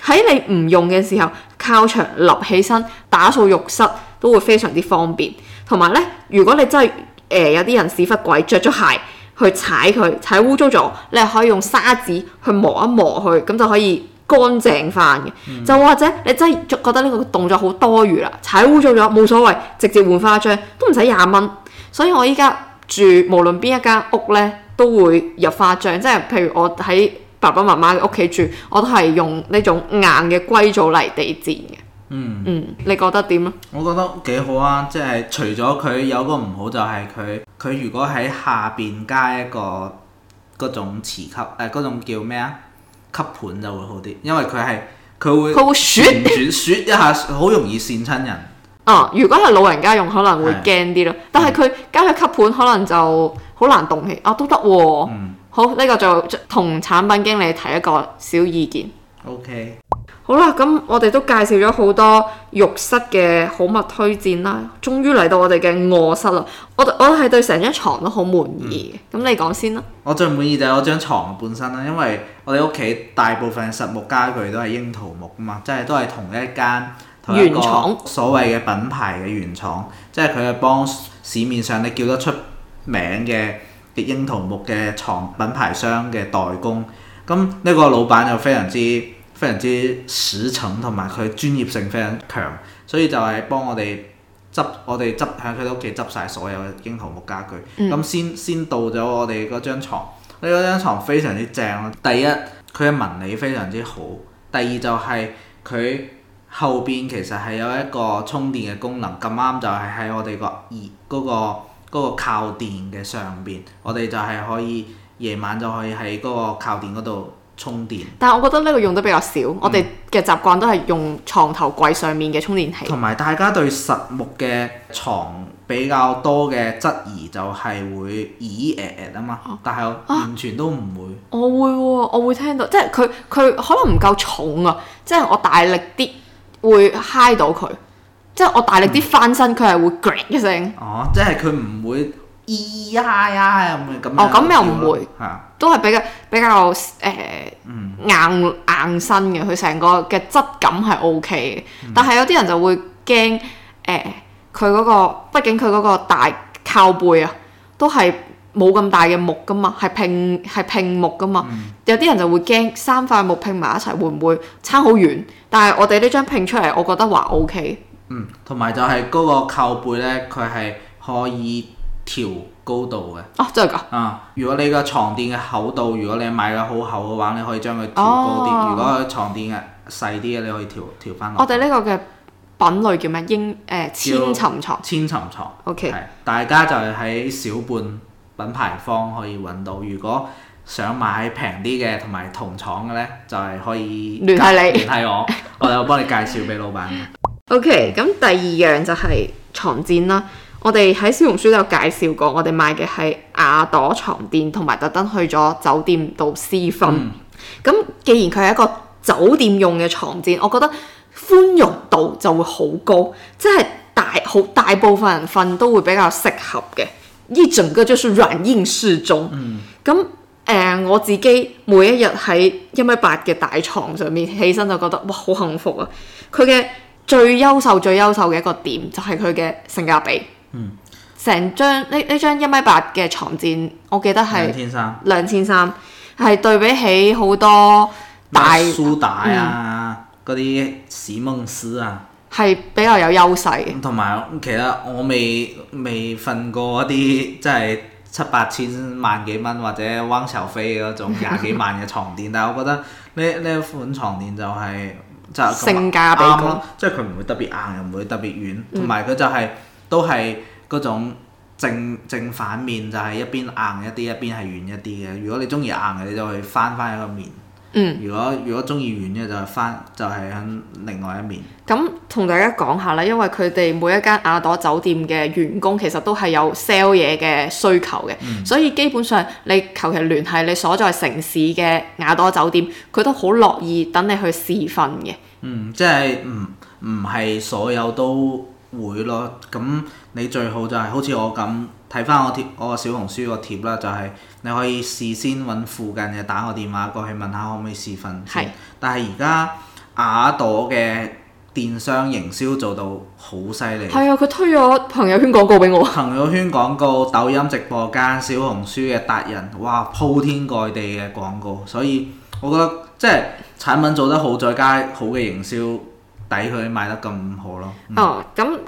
喺你唔用嘅時候，靠牆立起身打掃浴室都會非常之方便。同埋呢，如果你真係誒有啲人屎忽鬼着咗鞋去踩佢，踩污糟咗，你係可以用砂紙去磨一磨佢，咁就可以，乾淨翻嘅，嗯、就或者你真係覺得呢個動作好多餘啦，踩污糟咗冇所謂，直接換翻一張都唔使廿蚊。所以我依家住無論邊一間屋呢，都會入花漿，即係譬如我喺爸爸媽媽嘅屋企住，我都係用呢種硬嘅硅藻泥地墊嘅。嗯嗯，你覺得點啊？我覺得幾好啊！即係除咗佢有個唔好就係佢佢如果喺下邊加一個嗰種磁吸誒嗰種叫咩啊？吸盤就會好啲，因為佢係佢會佢會旋旋一下，好容易跣親人。哦、 啊，如果係老人家用可能會驚啲咯，的但係佢的加佢吸盤可能就好難動氣。啊，都得喎、啊。嗯，好，呢、呢個就同產品經理提一個小意見。OK。好啦，咁我哋都介紹咗好多浴室嘅好物推薦啦，終於嚟到我哋嘅臥室啦。我我係對成張床都好滿意嘅，咁、嗯、你講先啦。我最滿意就係我張床本身啦，因為我哋屋企大部分實木家具都係櫻桃木啊嘛，即、就、係、是、都係同一間原廠所謂嘅品牌嘅原廠，即係佢係幫市面上你叫得出名嘅嘅櫻桃木嘅床品牌商嘅代工。咁呢個老闆就非常之、嗯。非常之實層同埋佢專業性非常強，所以就係幫我哋執我哋執喺佢屋企執晒所有嘅櫻桃木家具。咁、嗯、先先到咗我哋嗰張牀。你嗰張牀非常之正，第一佢嘅紋理非常之好，第二就係佢後邊其實係有一個充電嘅功能，咁啱就係喺我哋、嗰個二嗰、嗰個嗰、嗰個靠墊嘅上邊，我哋就係可以夜晚就可以喺嗰個靠墊嗰度充電，但係我覺得呢個用得比較少，我哋嘅習慣都係用床頭櫃上面嘅充電器。同埋大家對實木嘅床比較多嘅質疑就係會咦誒誒啊嘛，但係完全都唔會。我會喎，我會聽到，即係佢佢可能唔夠重啊，即係我大力啲會嗨到佢，即係我大力啲翻身佢係會嗰聲。哦，即係佢唔會咦呀呀咁樣咁又唔會。都係比較比較誒、欸嗯、硬硬身嘅，佢成個嘅質感係 O K 嘅。嗯、但係有啲人就會驚誒，佢、欸、嗰、嗰個畢竟佢嗰個大靠背啊，都係冇咁大嘅木㗎嘛，係拼係拼木㗎嘛。嗯、有啲人就會驚三塊木拼埋一齊會唔會差好遠？但係我哋呢張拼出嚟，我覺得、OK 嗯、話 O K。同埋就係嗰個靠背咧，佢係可以調高度嘅哦，真係噶！啊、嗯，如果你個床墊嘅厚度，如果你買咗好厚嘅話，你可以將佢調高啲；哦、如果床墊嘅細啲嘅，你可以調調翻落。我哋呢個嘅品類叫咩？英誒、呃，千尋床。千尋床，OK。大家就係喺小半品牌方可以揾到。如果想買平啲嘅同埋同廠嘅呢，就係可以聯繫你，聯繫我， 我哋會幫你介紹俾老闆。OK，咁第二樣就係床墊啦。我哋喺小紅書都有介紹過，我哋買嘅係亞朵床墊，同埋特登去咗酒店度試瞓。咁、嗯、既然佢係一個酒店用嘅床墊，我覺得寬容度就會好高，即係大好大部分人瞓都會比較適合嘅。一整個就是軟硬適中。咁誒、嗯呃，我自己每一日喺一米八嘅大床上面起身就覺得哇好幸福啊！佢嘅最優秀、最優秀嘅一個點就係佢嘅性價比。嗯，成張呢呢張一米八嘅床墊，我記得係兩千三，兩千三係對比起好多大蘇打啊，嗰啲席夢思啊，係比較有優勢。同埋，其實我未未瞓過一啲即係七八千萬幾蚊或者温巢飛嗰種廿幾萬嘅床墊， 但係我覺得呢呢一款床墊就係、是、就是、性價比咯，即係佢唔會特別硬，又唔會特別軟，同埋佢就係、是。 都係嗰種正正反面，就係一邊硬一啲，一邊係軟一啲嘅。如果你中意硬嘅，你就去翻翻一個面，嗯、如果如果中意軟嘅，就翻就係喺另外一面。咁同大家講下啦，因為佢哋每一間亞朵酒店嘅員工其實都係有 sell 嘢嘅需求嘅，所以基本上你求其聯繫你所在城市嘅亞朵酒店，佢都好樂意等你去試瞓嘅。嗯，即係唔唔係所有都會咯，咁你最好就係、是、好似我咁睇翻我貼我個小紅書個貼啦，就係、是、你可以事先揾附近嘅打個電話過去問下可唔可以試瞓是但係而家亞朵嘅電商營銷做到好犀利。係啊，佢推咗朋友圈廣告俾我。朋友圈廣告、抖音直播間、小紅書嘅達人，哇，鋪天蓋地嘅廣告，所以我覺得即係產品做得好，再加好嘅營銷。抵佢賣得咁好咯。啊、嗯，咁、哦、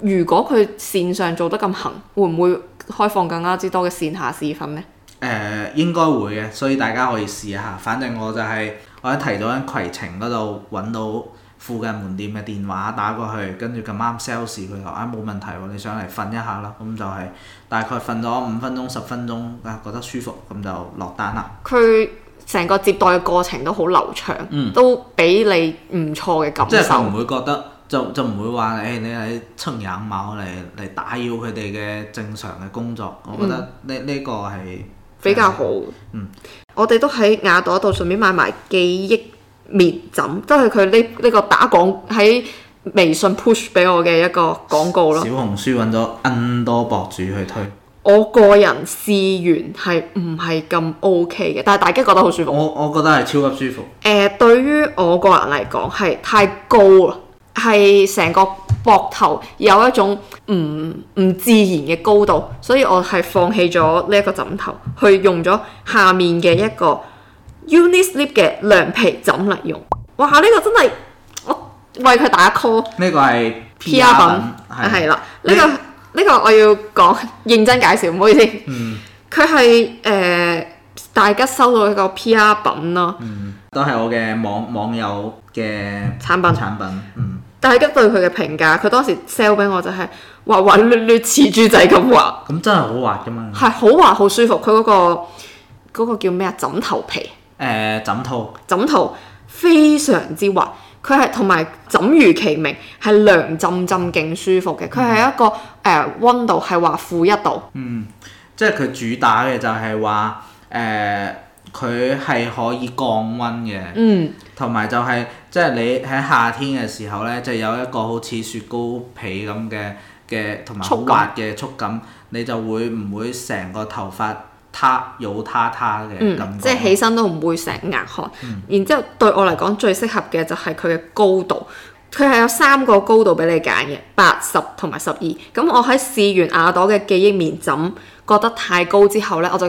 如果佢線上做得咁行，會唔會開放更加之多嘅線下試瞓呢？誒、呃，應該會嘅，所以大家可以試一下。反正我就係、是、我一提到喺攜程嗰度揾到附近門店嘅電話打過去，跟住咁啱 sales 佢就啊冇問題喎，你想嚟瞓一下啦，咁就係、是、大概瞓咗五分鐘、十分鐘啊，覺得舒服，咁就落單啦。佢。成個接待嘅過程都好流暢，嗯、都俾你唔錯嘅感受。即係就唔會覺得，就就唔會話，誒、欸、你嚟蹭眼毛嚟嚟打擾佢哋嘅正常嘅工作。我覺得呢呢、嗯、個係比較好。嗯，我哋都喺亞朵度順便買埋記憶滅枕，都係佢呢呢個打廣喺微信 push 俾我嘅一個廣告咯。小紅書揾咗 N 多博主去推。我個人試完係唔係咁 OK 嘅，但係大家覺得好舒服。我我覺得係超級舒服。誒、呃，對於我個人嚟講係太高啦，係成個膊頭有一種唔唔自然嘅高度，所以我係放棄咗呢一個枕頭，去用咗下面嘅一個 unisleep 嘅涼皮枕嚟用。哇！呢、這個真係我為佢打 call。呢個係 PR 品係啦，呢、這個。呢個我要講認真介紹，唔好意思。佢係誒大吉收到一個 PR 品咯。嗯，都係我嘅網網友嘅產品產品,產品。嗯，大吉對佢嘅評價，佢當時 sell 俾我就係滑滑捋捋似豬仔咁滑。咁、嗯、真係好滑㗎嘛？係好滑好舒服，佢嗰、個嗰、個叫咩啊？枕頭皮。誒、呃、枕套。枕套非常之滑。佢係同埋枕如其名係涼浸浸，勁舒服嘅。佢係一個誒溫、嗯呃、度係話負一度，嗯，即係佢主打嘅就係話誒佢係可以降溫嘅，嗯，同埋就係、是、即係你喺夏天嘅時候咧，就有一個好似雪糕皮咁嘅嘅同埋好滑嘅觸感，感你就會唔會成個頭髮。它有他，他嘅感覺，即係起身都唔會成額汗。嗯、然之後對我嚟講最適合嘅就係佢嘅高度，佢係有三個高度俾你揀嘅，八十同埋十二。咁我喺試完亞朵嘅記憶棉枕，覺得太高之後呢，我就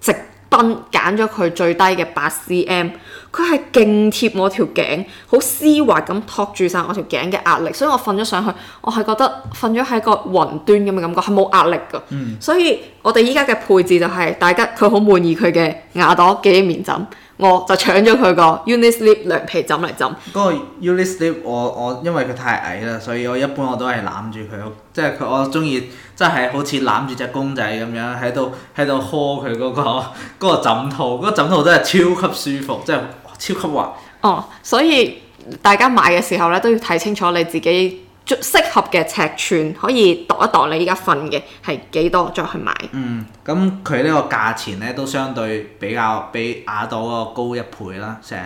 直奔揀咗佢最低嘅八 cm。佢係勁貼我條頸，好絲滑咁托住晒我條頸嘅壓力，所以我瞓咗上去，我係覺得瞓咗喺個雲端咁嘅感覺，係冇壓力㗎。嗯，所以我哋依家嘅配置就係、是，大家佢好滿意佢嘅亞朵記憶棉枕，我就搶咗佢個 Unisleep 涼皮枕嚟枕。嗰個 Unisleep 我我因為佢太矮啦，所以我一般我都係攬住佢，即係佢我中意，即係好似攬住隻公仔咁樣喺度喺度呵佢嗰個枕套，嗰、那個、枕套真係超級舒服，即係。超級滑哦，所以大家買嘅時候咧都要睇清楚你自己最適合嘅尺寸，可以度一度你依家瞓嘅係幾多再去買。嗯，咁佢呢個價錢咧都相對比較比亞朵嗰個高一倍啦，成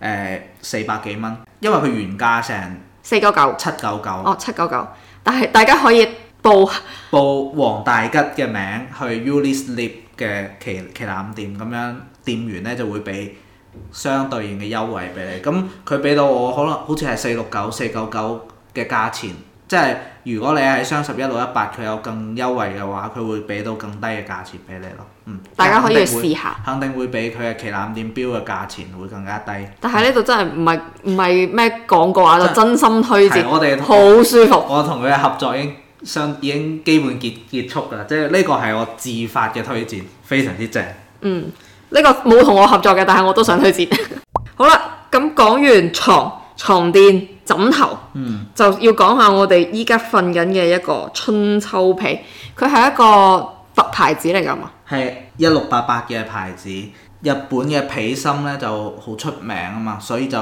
誒四百幾蚊，因為佢原價成四九九七九九哦七九九，但係大家可以報報黃大吉嘅名去 unisleep 嘅旗旗艦店咁樣，店員咧就會俾。相對應嘅優惠俾你，咁佢俾到我可能好似係四六九、四九九嘅價錢，即係如果你喺雙十一六一八，佢有更優惠嘅話，佢會俾到更低嘅價錢俾你咯。嗯，大家可以試下肯，肯定會俾佢嘅旗艦店標嘅價錢會更加低。但係呢度真係唔係唔係咩廣告啊，嗯、就真心推薦，好舒服。我同佢嘅合作已經相已經基本結結束啦，即係呢個係我自發嘅推薦，非常之正。嗯。呢個冇同我合作嘅，但係我都想推薦。 好啦，咁講完床、床、墊、枕頭，嗯、就要講下我哋依家瞓緊嘅一個春秋被，佢係一個特牌子嚟㗎嘛？係一六八八嘅牌子，日本嘅被芯咧就好出名啊嘛，所以就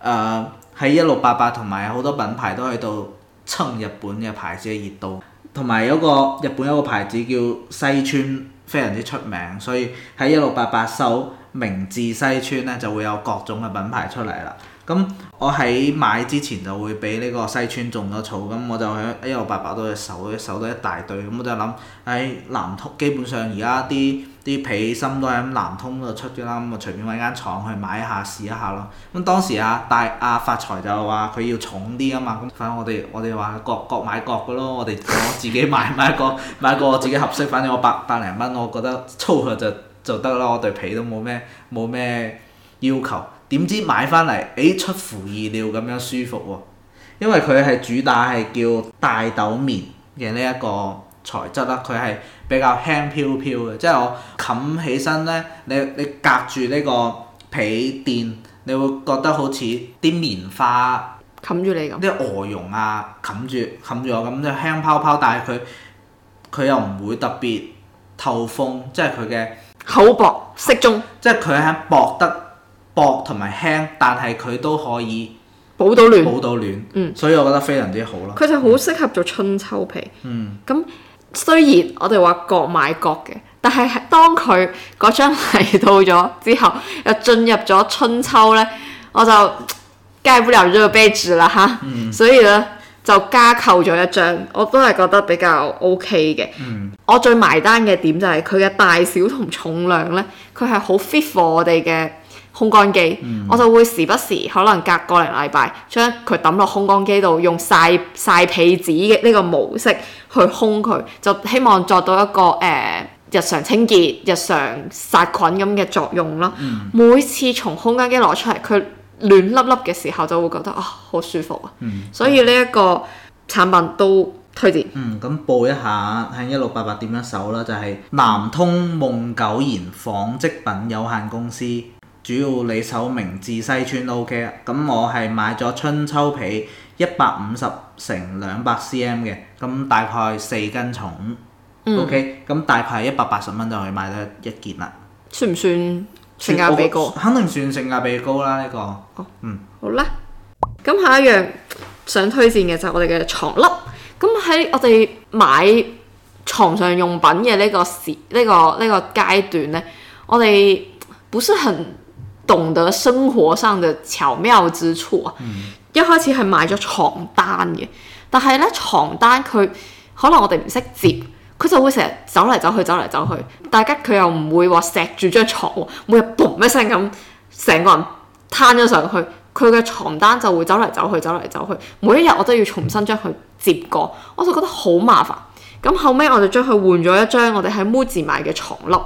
誒喺一六八八同埋好多品牌都喺度蹭日本嘅牌子嘅熱度，同埋有個日本有個牌子叫西川。非常之出名，所以喺一六八八搜明治西川咧，就會有各種嘅品牌出嚟啦。咁我喺買之前就會俾呢個西川種咗草，咁我就喺一六八八都係搜，一搜到一大堆，咁我就諗喺、哎、南通，基本上而家啲。啲被芯都係咁，南通度出嘅啦，咁啊，隨便揾間廠去買一下試一下咯。咁當時啊，大阿，啊、發財就話佢要重啲啊嘛，咁反正我哋我哋話各各買各嘅咯，我哋我自己買 買一個買一個我自己合適，反正我百百零蚊我覺得粗嘅就就得啦，我對被都冇咩冇咩要求。點知買翻嚟誒出乎意料咁樣舒服喎，啊，因為佢係主打係叫大豆棉嘅呢一個材質啦，佢係比較輕飄飄嘅，即係我冚起身咧，你你隔住呢個被墊，你會覺得好似啲棉花冚住你咁，啲鵝絨啊冚住冚住我咁，就係輕泡泡。但係佢佢又唔會特別透風，即係佢嘅厚薄適中，即係佢係薄得薄同埋輕，但係佢都可以保到暖，保到暖。嗯，所以我覺得非常之好咯。佢就好適合做春秋被。嗯，咁、嗯。嗯。雖然我哋話各買各嘅，但係當佢嗰張嚟到咗之後，又進入咗春秋咧，我就戒不了呢個被啦嚇，mm hmm. 所以咧就加購咗一張，我都係覺得比較 OK 嘅。Mm hmm. 我最埋單嘅點就係佢嘅大小同重量咧，佢係好 fit for 我哋嘅。烘乾機，嗯、我就會時不時可能隔個零禮拜將佢抌落烘乾機度，用晒曬被子嘅呢個模式去烘佢，就希望作到一個誒、呃、日常清潔、日常殺菌咁嘅作用啦。嗯、每次從烘乾機攞出嚟，佢暖粒粒嘅時候就會覺得啊、哦，好舒服啊。嗯、所以呢一個產品都推薦。嗯，咁報一下喺一六八八點樣搜啦，就係、是、南通夢九然紡織品有限公司。主要你首名字西川 O K 啦，咁我係買咗春秋被一百五十乘兩百 C M 嘅，咁大概四斤重，O K，咁大概一百八十蚊就可以買得一件啦。算唔算性價比高？肯定算性價比高啦，呢個。哦，嗯，好啦，咁下一樣想推薦嘅就係我哋嘅牀笠。咁喺我哋買床上用品嘅呢個時、呢個呢個階段咧，我哋不是很～懂得生活上嘅巧妙之處啊！嗯、一開始係買咗床單嘅，但係咧，床單佢可能我哋唔識折，佢就會成日走嚟走去，走嚟走去。大家佢又唔會話錫住張床喎，每日嘣一聲咁，成個人攤咗上去，佢嘅床單就會走嚟走去，走嚟走去。每一日我都要重新將佢折過，我就覺得好麻煩。咁後尾我就將佢換咗一張我哋喺 Muji 買嘅床笠，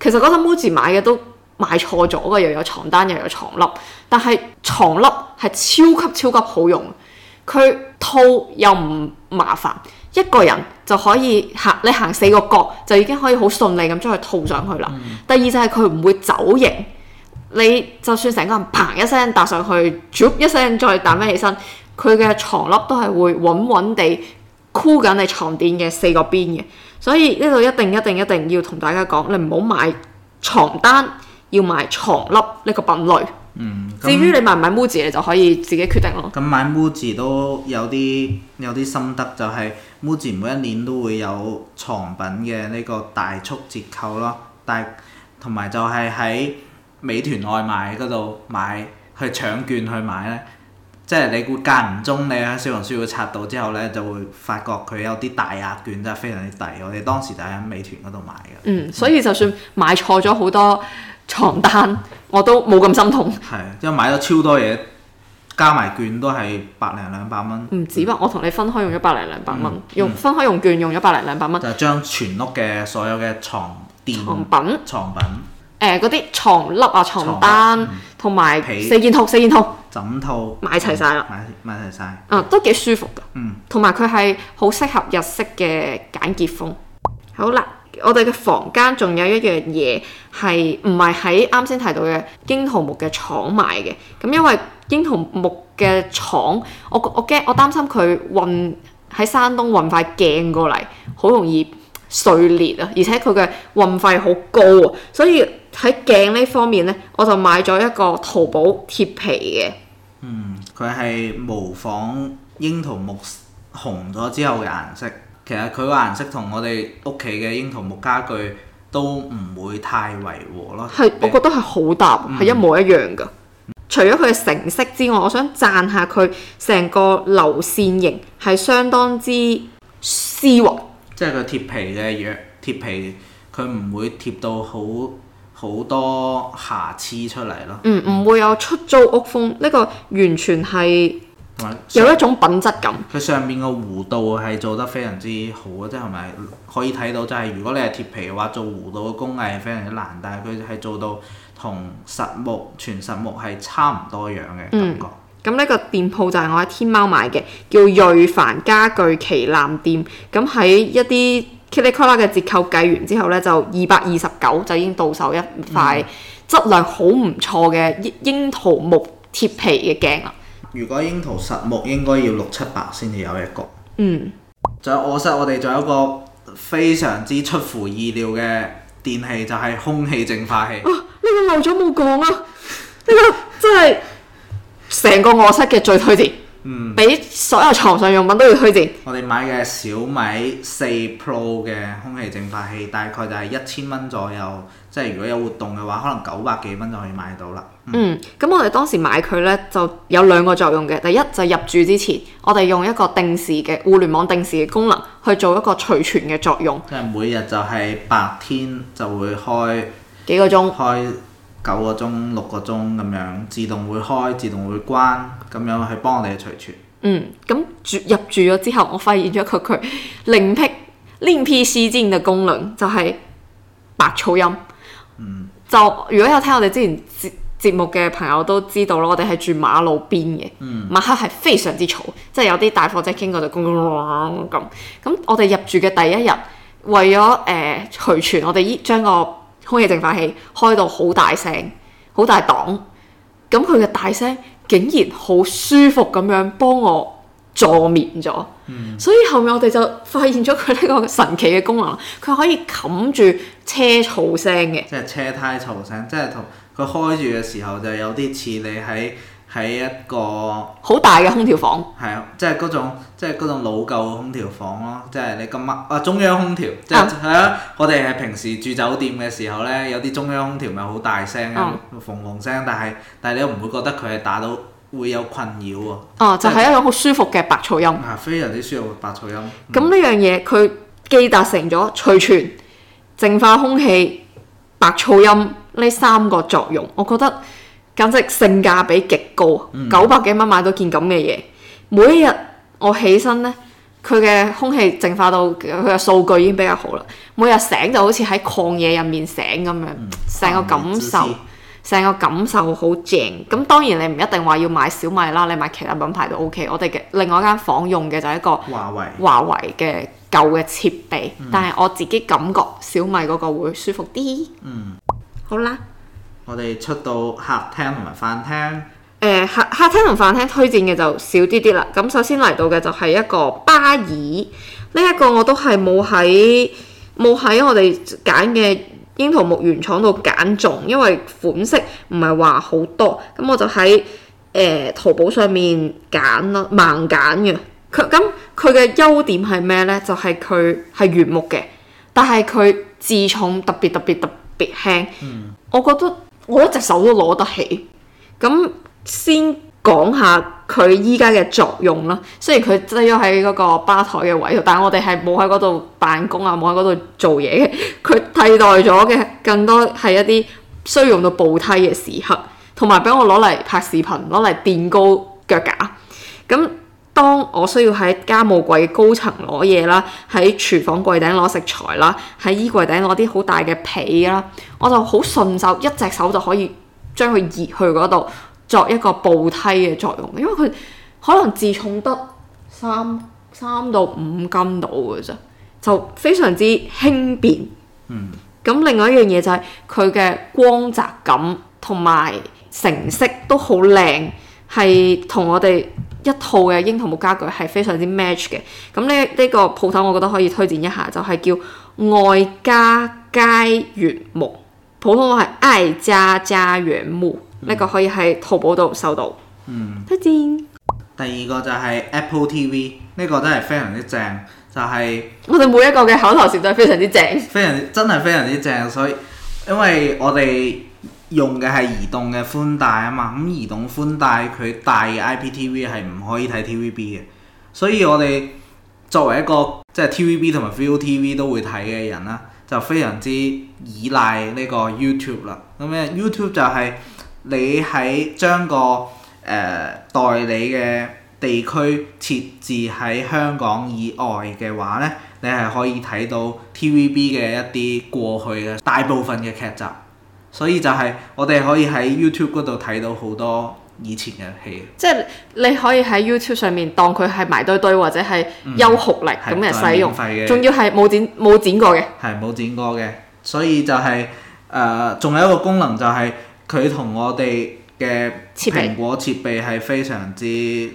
其實嗰陣 Muji 買嘅都。買錯咗嘅又有床單又有床笠，但係床笠係超級超級好用，佢套又唔麻煩，一個人就可以行，你行四個角就已經可以好順利咁將佢套上去啦。嗯、第二就係佢唔會走形，你就算成個人砰一聲搭上去 jump、嗯、一聲再彈翻起身，佢嘅床笠都係會穩穩地箍緊你床墊嘅四個邊嘅。所以呢度一定一定一定要同大家講，你唔好買床單。要買床笠呢個品類，嗯，嗯，至於你買唔買 Muji，你就可以自己決定咯。咁買 Muji 都有啲有啲心得，就係 Muji 每一年都會有床品嘅呢個大促折扣咯，但係同埋就係喺美團外賣嗰度買去搶券去買咧，即係你會間唔中你喺小紅書會刷到之後咧，就會發覺佢有啲大額券真係非常之抵。我哋當時就喺美團嗰度買嘅。嗯，所以就算買錯咗好多。床單我都冇咁心痛，係，因為買咗超多嘢，加埋券都係百零兩百蚊。唔止啊，我同你分開用咗百零兩百蚊，用分開用券用咗百零兩百蚊。就將全屋嘅所有嘅牀墊、牀品、牀品，誒嗰啲牀笠啊、牀單同埋被四件套、四件套、枕套買齊曬啦，買齊曬。啊，都幾舒服㗎，嗯，同埋佢係好適合日式嘅簡潔風。好啦。我哋嘅房間仲有一樣嘢係唔係喺啱先提到嘅櫻桃木嘅廠買嘅？咁因為櫻桃木嘅廠，我我驚，我擔心佢運喺山東運塊鏡過嚟，好容易碎裂啊！而且佢嘅運費好高啊！所以喺鏡呢方面呢，我就買咗一個淘寶貼皮嘅。嗯，佢係模仿櫻桃木紅咗之後嘅顏色。其實佢個顏色同我哋屋企嘅櫻桃木家具都唔會太違和咯。係，我覺得係好搭，係、嗯、一模一樣噶。除咗佢嘅成色之外，我想讚下佢成個流線型係相當之絲滑。即係佢貼皮嘅嘢貼皮，佢唔會貼到好好多瑕疵出嚟咯。嗯，唔會有出租屋風呢、呢個，完全係。有，有一種品質感。佢上面嘅弧度係做得非常之好，即係咪可以睇到？就係如果你係貼皮嘅話，做弧度嘅工藝係非常之難，但係佢係做到同實木全實木係差唔多樣嘅感覺。咁呢、嗯、個店鋪就係我喺天貓買嘅，叫瑞凡家具旗艦店。咁喺一啲 kilikola 嘅折扣計完之後呢，就二百二十九就已經到手一塊質量好唔錯嘅櫻桃木貼皮嘅鏡啦。如果櫻桃實木應該要六七百先至有一個。嗯，仲有臥室，我哋仲有一個非常之出乎意料嘅電器，就係、是、空氣淨化器。啊！呢、這個漏咗冇講啊！呢 個真係成個臥室嘅最推薦。嗯，俾所有床上用品都要推薦。我哋買嘅小米四 Pro 嘅空氣淨化器，大概就係一千蚊左右，即係如果有活動嘅話，可能九百幾蚊就可以買到啦。嗯，咁、嗯、我哋當時買佢呢，就有兩個作用嘅，第一就係、是、入住之前，我哋用一個定時嘅互聯網定時嘅功能去做一個除醛嘅作用。即係每日就係白天就會開幾個鐘開。九個鐘、六個鐘咁樣，自動會開、自動會關，咁樣去幫你除醛。嗯，咁住入住咗之後，我發現咗佢佢另辟另辟蹊徑嘅功能，就係白噪音。嗯，就如果有聽我哋之前節目嘅朋友都知道咯，我哋係住馬路邊嘅，晚黑係非常之嘈，即係有啲大貨車經過就咁。咁我哋入住嘅第一日，為咗誒除醛，我哋依將個。空氣淨化器開到好大聲，好大檔，咁佢嘅大聲竟然好舒服咁樣幫我助眠咗。嗯，所以後面我哋就發現咗佢呢個神奇嘅功能，佢可以冚住車噪聲嘅，即係車胎噪聲，即係同佢開住嘅時候就有啲似你喺。喺一個好大嘅空調房，係啊，即係嗰種，即係嗰種老舊嘅空調房咯，即係你今晚啊中央空調，即係係啊，我哋係平時住酒店嘅時候咧，有啲中央空調咪好大聲嘅鳳凰聲，但係但係你又唔會覺得佢係打到會有困擾喎。哦，啊，就係一種好舒服嘅白噪音，就是、非常之舒服嘅白噪音。咁呢樣嘢佢既達成咗除醛、淨化空氣、白噪音呢三個作用，我覺得。簡直性價比極高，九百幾蚊買到件咁嘅嘢。每一日我起身呢，佢嘅空氣淨化到，佢嘅數據已經比較好啦。每日醒就好似喺曠野入面醒咁樣，成、嗯、個感受，成、啊、個感受好正。咁當然你唔一定話要買小米啦，你買其他品牌都 OK。我哋嘅另外一間房用嘅就係一個華為華為嘅舊嘅設備，嗯、但係我自己感覺小米嗰個會舒服啲。嗯，好啦。我哋出到客廳同埋飯廳，誒客、呃、客廳同飯廳推薦嘅就少啲啲啦。咁首先嚟到嘅就係一個吧椅，呢、這、一個我都係冇喺冇喺我哋揀嘅櫻桃木原廠度揀中，因為款式唔係話好多，咁我就喺誒、呃、淘寶上面揀咯，盲揀嘅。佢咁佢嘅優點係咩呢？就係佢係原木嘅，但係佢自重特別特別特別，特別輕。嗯、我覺得。我一隻手都攞得起，咁先講下佢依家嘅作用啦。雖然佢擠咗喺嗰個吧台嘅位度，但係我哋係冇喺嗰度辦公啊，冇喺嗰度做嘢嘅。佢替代咗嘅更多係一啲需要用到步梯嘅時刻，同埋俾我攞嚟拍視頻，攞嚟墊高腳架。咁。當我需要喺家務櫃高層攞嘢啦，喺廚房櫃頂攞食材啦，喺衣櫃頂攞啲好大嘅被啦，我就好順手，一隻手就可以將佢移去嗰度作一個步梯嘅作用。因為佢可能自重得三三到五斤到嘅啫，就非常之輕便。嗯，咁另外一樣嘢就係佢嘅光澤感同埋成色都好靚，係同我哋，一套嘅櫻桃木家具係非常之 match 嘅，咁呢呢個鋪頭我覺得可以推薦一下，就係、是、叫愛家佳原木，普通話係愛家佳原木，呢、嗯、個可以喺淘寶度搜到。嗯，推薦。第二個就係 Apple TV，呢個真係非常之正，就係、是、我哋每一個嘅口頭禪都係非常之正，非常，真係非常之正，所以因為我哋。用嘅係移動嘅寬帶啊嘛，咁移動寬帶佢大嘅 IPTV 係唔可以睇 TVB 嘅，所以我哋作為一個即係、就是、TVB 同埋 ViuTV 都會睇嘅人啦，就非常之依賴呢個 YouTube 啦。咁咧 YouTube 就係你喺將個誒、呃、代理嘅地區設置喺香港以外嘅話咧，你係可以睇到 TVB 嘅一啲過去嘅大部分嘅劇集。所以就係我哋可以喺 YouTube 嗰度睇到好多以前嘅戲，即係你可以喺 YouTube 上面當佢係埋堆堆或者係優酷嚟咁嘅使用，仲用要係冇剪冇剪過嘅，係冇剪過嘅。所以就係、是、誒，仲、呃、有一個功能就係佢同我哋嘅蘋果設備係非常之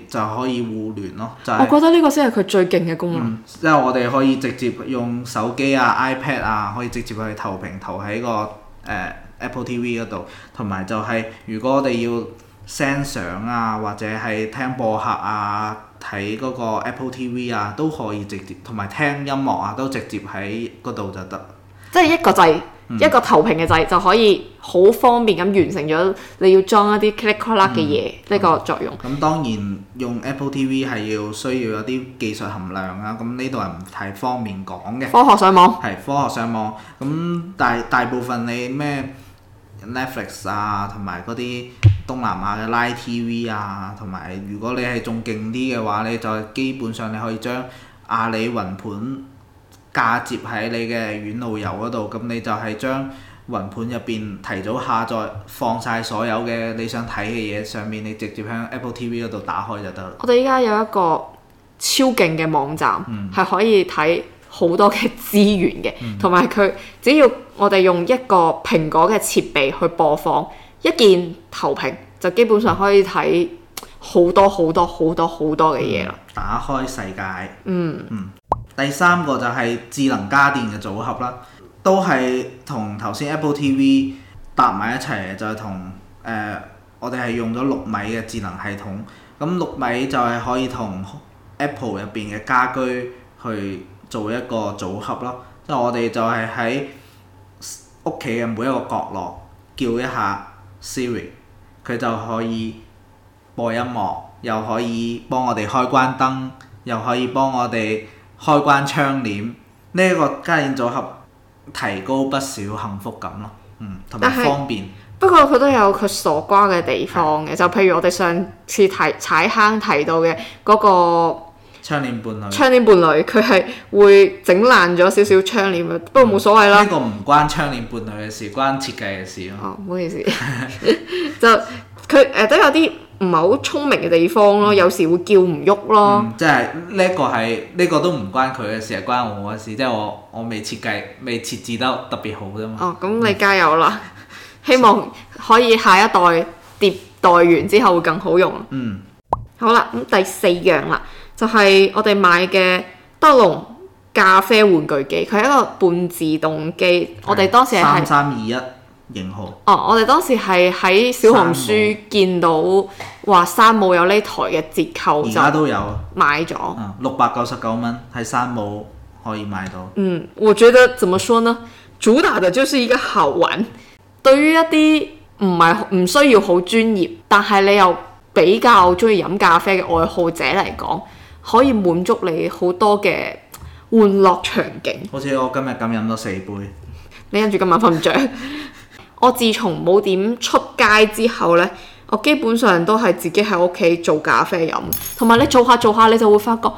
就可以互聯咯。就是、我覺得呢個先係佢最勁嘅功能，即、嗯、因為我哋可以直接用手機啊、iPad 啊，可以直接去投屏投喺個誒、呃 Apple TV 嗰度，同埋就係如果我哋要 send 相啊，或者係聽播客啊，睇嗰個 Apple TV 啊，都可以直接，同埋聽音樂啊，都直接喺嗰度就得。即係一個掣，嗯、一個投屏嘅掣就可以好方便咁完成咗你要裝一啲 click click 嘅嘢呢個作用。咁、嗯、當然用 Apple TV 係要需要一啲技術含量啊。咁呢度係唔太方便講嘅。科學上網係科學上網。咁大大部分你咩？Netflix 啊，同埋嗰啲東南亞嘅 Live TV 啊，同埋如果你係仲勁啲嘅話，你就基本上你可以將阿里雲盤嫁接喺你嘅軟路由嗰度，咁你就係將雲盤入邊提早下載放晒所有嘅你想睇嘅嘢上面，你直接喺 Apple TV 嗰度打開就得啦。我哋依家有一個超勁嘅網站，係、嗯、可以睇。好多嘅資源嘅，同埋佢只要我哋用一個蘋果嘅設備去播放，一鍵投屏就基本上可以睇好多好多好多好多嘅嘢啦。打開世界。嗯。嗯。第三個就係智能家電嘅組合啦，都係同頭先 Apple TV 搭埋一齊，就係同誒我哋係用咗綠米嘅智能系統，咁綠米就係可以同 Apple 入邊嘅家居去。做一個組合咯，即係我哋就係喺屋企嘅每一個角落叫一下 Siri，佢就可以播音樂，又可以幫我哋開關燈，又可以幫我哋開關窗簾。呢一個家電組合提高不少幸福感咯，嗯，同埋方便。不過佢都有佢傻瓜嘅地方嘅，的就譬如我哋上次提踩坑提到嘅嗰個，窗簾伴侶，窗簾伴侶佢係會整爛咗少少窗簾咯，不過冇所謂啦。呢個唔關窗簾伴侶嘅事，關設計嘅事。哦，唔好意思，就佢誒都有啲唔係好聰明嘅地方咯，有時會叫唔喐咯。即係呢個係呢個都唔關佢嘅事，係關我嘅事。即係我我未設計未設置得特別好啫嘛。哦，咁你加油啦！希望可以下一代迭代完之後會更好用。嗯，好啦，咁第四樣啦。就係我哋買嘅德龍咖啡玩具機，佢係一個半自動機。嗯、我哋當時係三三二一型號。哦，我哋當時係喺小紅書見到話山姆有呢台嘅折扣，而家都有買咗六百九十九蚊，喺山姆可以買到。嗯，我覺得怎麼說呢？主打的就是一個好玩，對於一啲唔係唔需要好專業，但係你又比較中意飲咖啡嘅愛好者嚟講。可以滿足你好多嘅玩樂場景。好似我今日咁飲咗四杯，你諗住今晚瞓唔着。 我自從冇點出街之後呢，我基本上都係自己喺屋企做咖啡飲，同埋你做下做下你就會發覺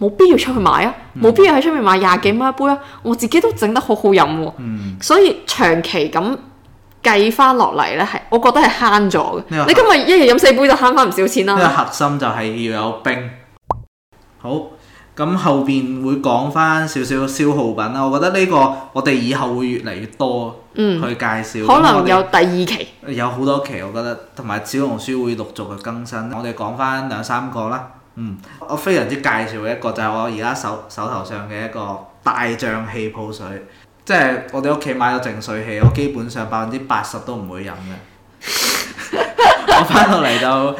冇必要出去買啊，冇、嗯、必要喺出面買廿幾蚊一杯啊，我自己都整得好好飲喎。嗯、所以長期咁計翻落嚟呢，係我覺得係慳咗嘅。你今日一日飲四杯就慳翻唔少錢啦，啊。核心就係要有冰。好，咁後邊會講翻少少消耗品啦。我覺得呢個我哋以後會越嚟越多，去介紹，嗯。可能有第二期，有好多期，我覺得同埋小紅書會陸續去更新。我哋講翻兩三個啦。嗯，我非常之介紹嘅一個就係我而家手手頭上嘅一個泰象氣泡水，即係我哋屋企買咗淨水器，我基本上百分之八十都唔會飲嘅。 我翻到嚟就。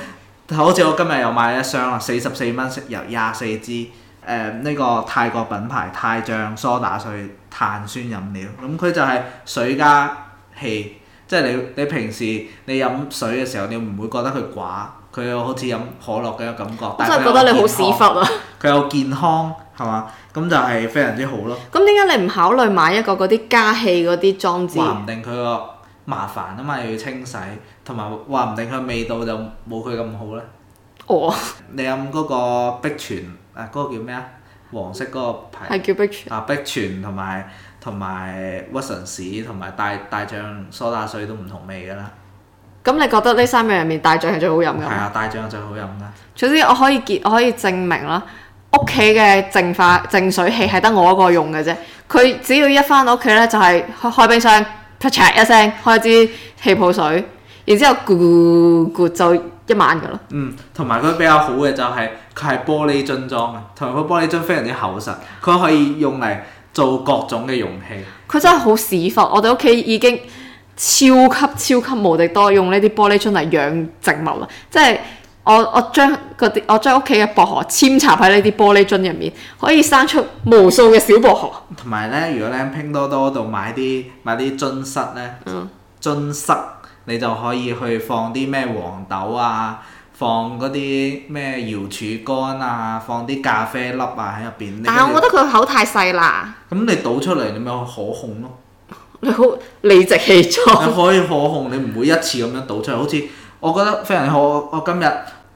好似我今日又買一箱啦，四十四蚊入廿四支，誒、呃、呢、這個泰國品牌泰象梳打水碳酸飲料，咁、嗯、佢就係水加氣，即係你你平時你飲水嘅時候，你唔會覺得佢寡，佢又好似飲可樂嘅感覺。我就真覺得你好屎忽啊！ 佢有健康係嘛？咁就係非常之好咯。咁點解你唔考慮買一個嗰啲加氣嗰啲裝置？話唔定佢哦。麻煩啊嘛，又要清洗，同埋話唔定佢味道就冇佢咁好呢。哦，oh。你飲嗰個碧泉啊，嗰、嗰個叫咩啊？黃色嗰個牌係叫碧泉啊！碧泉同埋同埋屈臣氏同埋大大醬梳打水都唔同味噶啦。咁你覺得呢三樣入面大醬係最好飲嘅？係啊，大醬係最好飲㗎。總之我可以結，我可以證明啦。屋企嘅淨化淨水器係得我一個用嘅啫。佢只要一翻屋企咧，就係開冰箱。啪嚓一聲，開支氣泡水，然之後咕咕就一晚噶啦。嗯，同埋佢比較好嘅就係佢係玻璃樽裝啊，同埋個玻璃樽非常之厚實，佢可以用嚟做各種嘅容器。佢真係好屎忽，我哋屋企已經超級超級無敵多用呢啲玻璃樽嚟養植物啦，即係。我我將啲我將屋企嘅薄荷扦插喺呢啲玻璃樽入面，可以生出無數嘅小薄荷。同埋咧，如果咧拼多多度買啲買啲樽塞咧，樽、嗯、塞你就可以去放啲咩黃豆啊，放嗰啲咩瑤柱乾啊，放啲咖啡粒啊喺入邊面，但係我覺得佢口太細啦。咁你倒出嚟你咪可控咯，你好理直氣壯。你可以可控，你唔會一次咁樣倒出嚟。好似我覺得非常好。我今日。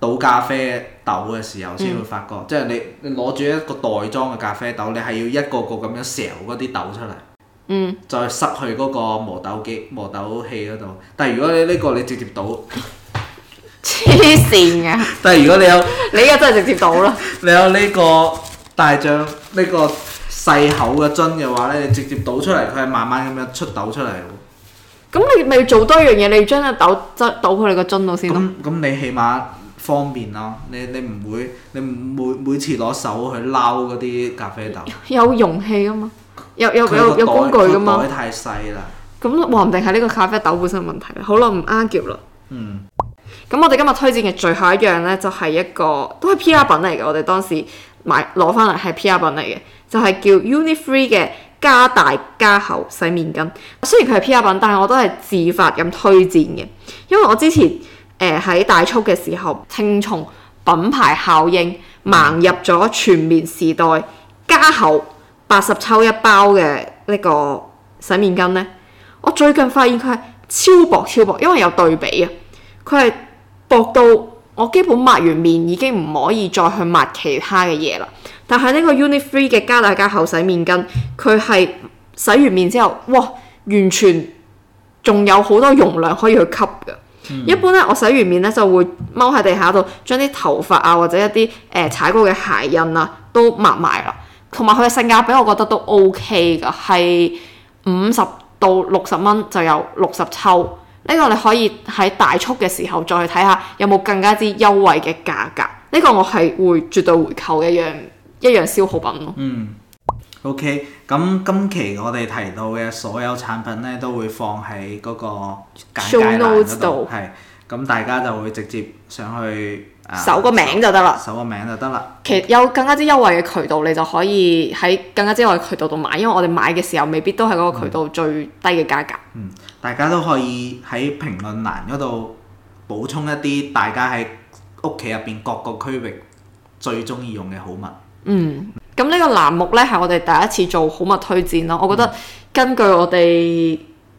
倒咖啡豆嘅時候，先會發覺，嗯、即係你你攞住一個袋裝嘅咖啡豆，你係要一個個咁樣瀡嗰啲豆出嚟，嗯、再塞去嗰個磨豆機磨豆器嗰度。但係如果你呢、這個你直接倒，黐線㗎！但係如果你有你而家真係直接倒啦， 你有呢個大象，呢、這個細口嘅樽嘅話咧，你直接倒出嚟，佢係慢慢咁樣出豆出嚟。咁、嗯、你咪做多一樣嘢，你要將個豆執倒去你個樽度先。咁咁，你起碼。方便咯、啊，你你唔會，你唔每每次攞手去撈嗰啲咖啡豆。有容器啊嘛，有有有有，有工具啊嘛。袋太細啦。咁話唔定係呢個咖啡豆本身問題啦。好啦，唔啱橋啦。咁、嗯、我哋今日推薦嘅最後一樣呢，就係、是、一個都係 PR 品嚟嘅。我哋當時買攞翻嚟係 PR 品嚟嘅，就係、是、叫 Unifree 嘅加大加厚洗面巾。雖然佢係 PR 品，但係我都係自發咁推薦嘅，因為我之前。嗯誒喺大促嘅時候，聽從品牌效應盲入咗全棉時代加厚八十抽一包嘅呢個洗面巾呢，我最近發現佢係超薄超薄，因為有對比啊，佢係薄到我基本抹完面已經唔可以再去抹其他嘅嘢啦。但係呢個 Unifree 嘅加大加厚洗面巾，佢係洗完面之後，哇，完全仲有好多容量可以去吸嘅。嗯、一般咧，我洗完面咧就會踎喺地下度，將啲頭髮啊或者一啲誒、呃、踩過嘅鞋印啊都抹埋啦。同埋佢嘅性價比，我覺得都 O K 噶，係五十到六十蚊就有六十抽。呢、這個你可以喺大促嘅時候再去睇下，有冇更加之優惠嘅價格。呢、這個我係會絕對回購一樣一樣消耗品咯。嗯。O.K. 咁今期我哋提到嘅所有產品咧，都會放喺嗰個簡介欄度，係咁 Shownotes 大家就會直接上去、啊、搜個名就得啦，搜個名就得啦。其實有更加之優惠嘅渠道，你就可以喺更加之優惠嘅渠道度買，因為我哋買嘅時候未必都係嗰個渠道最低嘅價格。嗯。嗯，大家都可以喺評論欄嗰度補充一啲大家喺屋企入邊各個區域最中意用嘅好物。嗯。咁呢個欄目咧係我哋第一次做好物推薦咯，我覺得根據我哋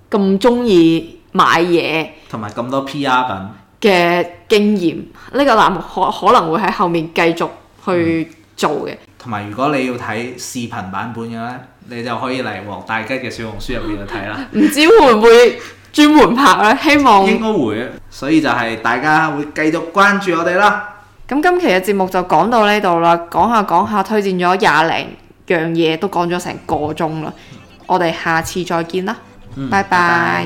咁中意買嘢同埋咁多 PR 品嘅經驗，呢個欄目可可能會喺後面繼續去做嘅。同埋如果你要睇視頻版本嘅咧，你就可以嚟黃大吉嘅小紅書入面去睇啦。唔知會唔會專門拍咧？希望應該會啊！所以就係大家會繼續關注我哋啦。咁今期嘅節目就講到呢度啦，講下講下推薦咗廿零樣嘢，都講咗成個鐘啦，我哋下次再見啦，拜拜。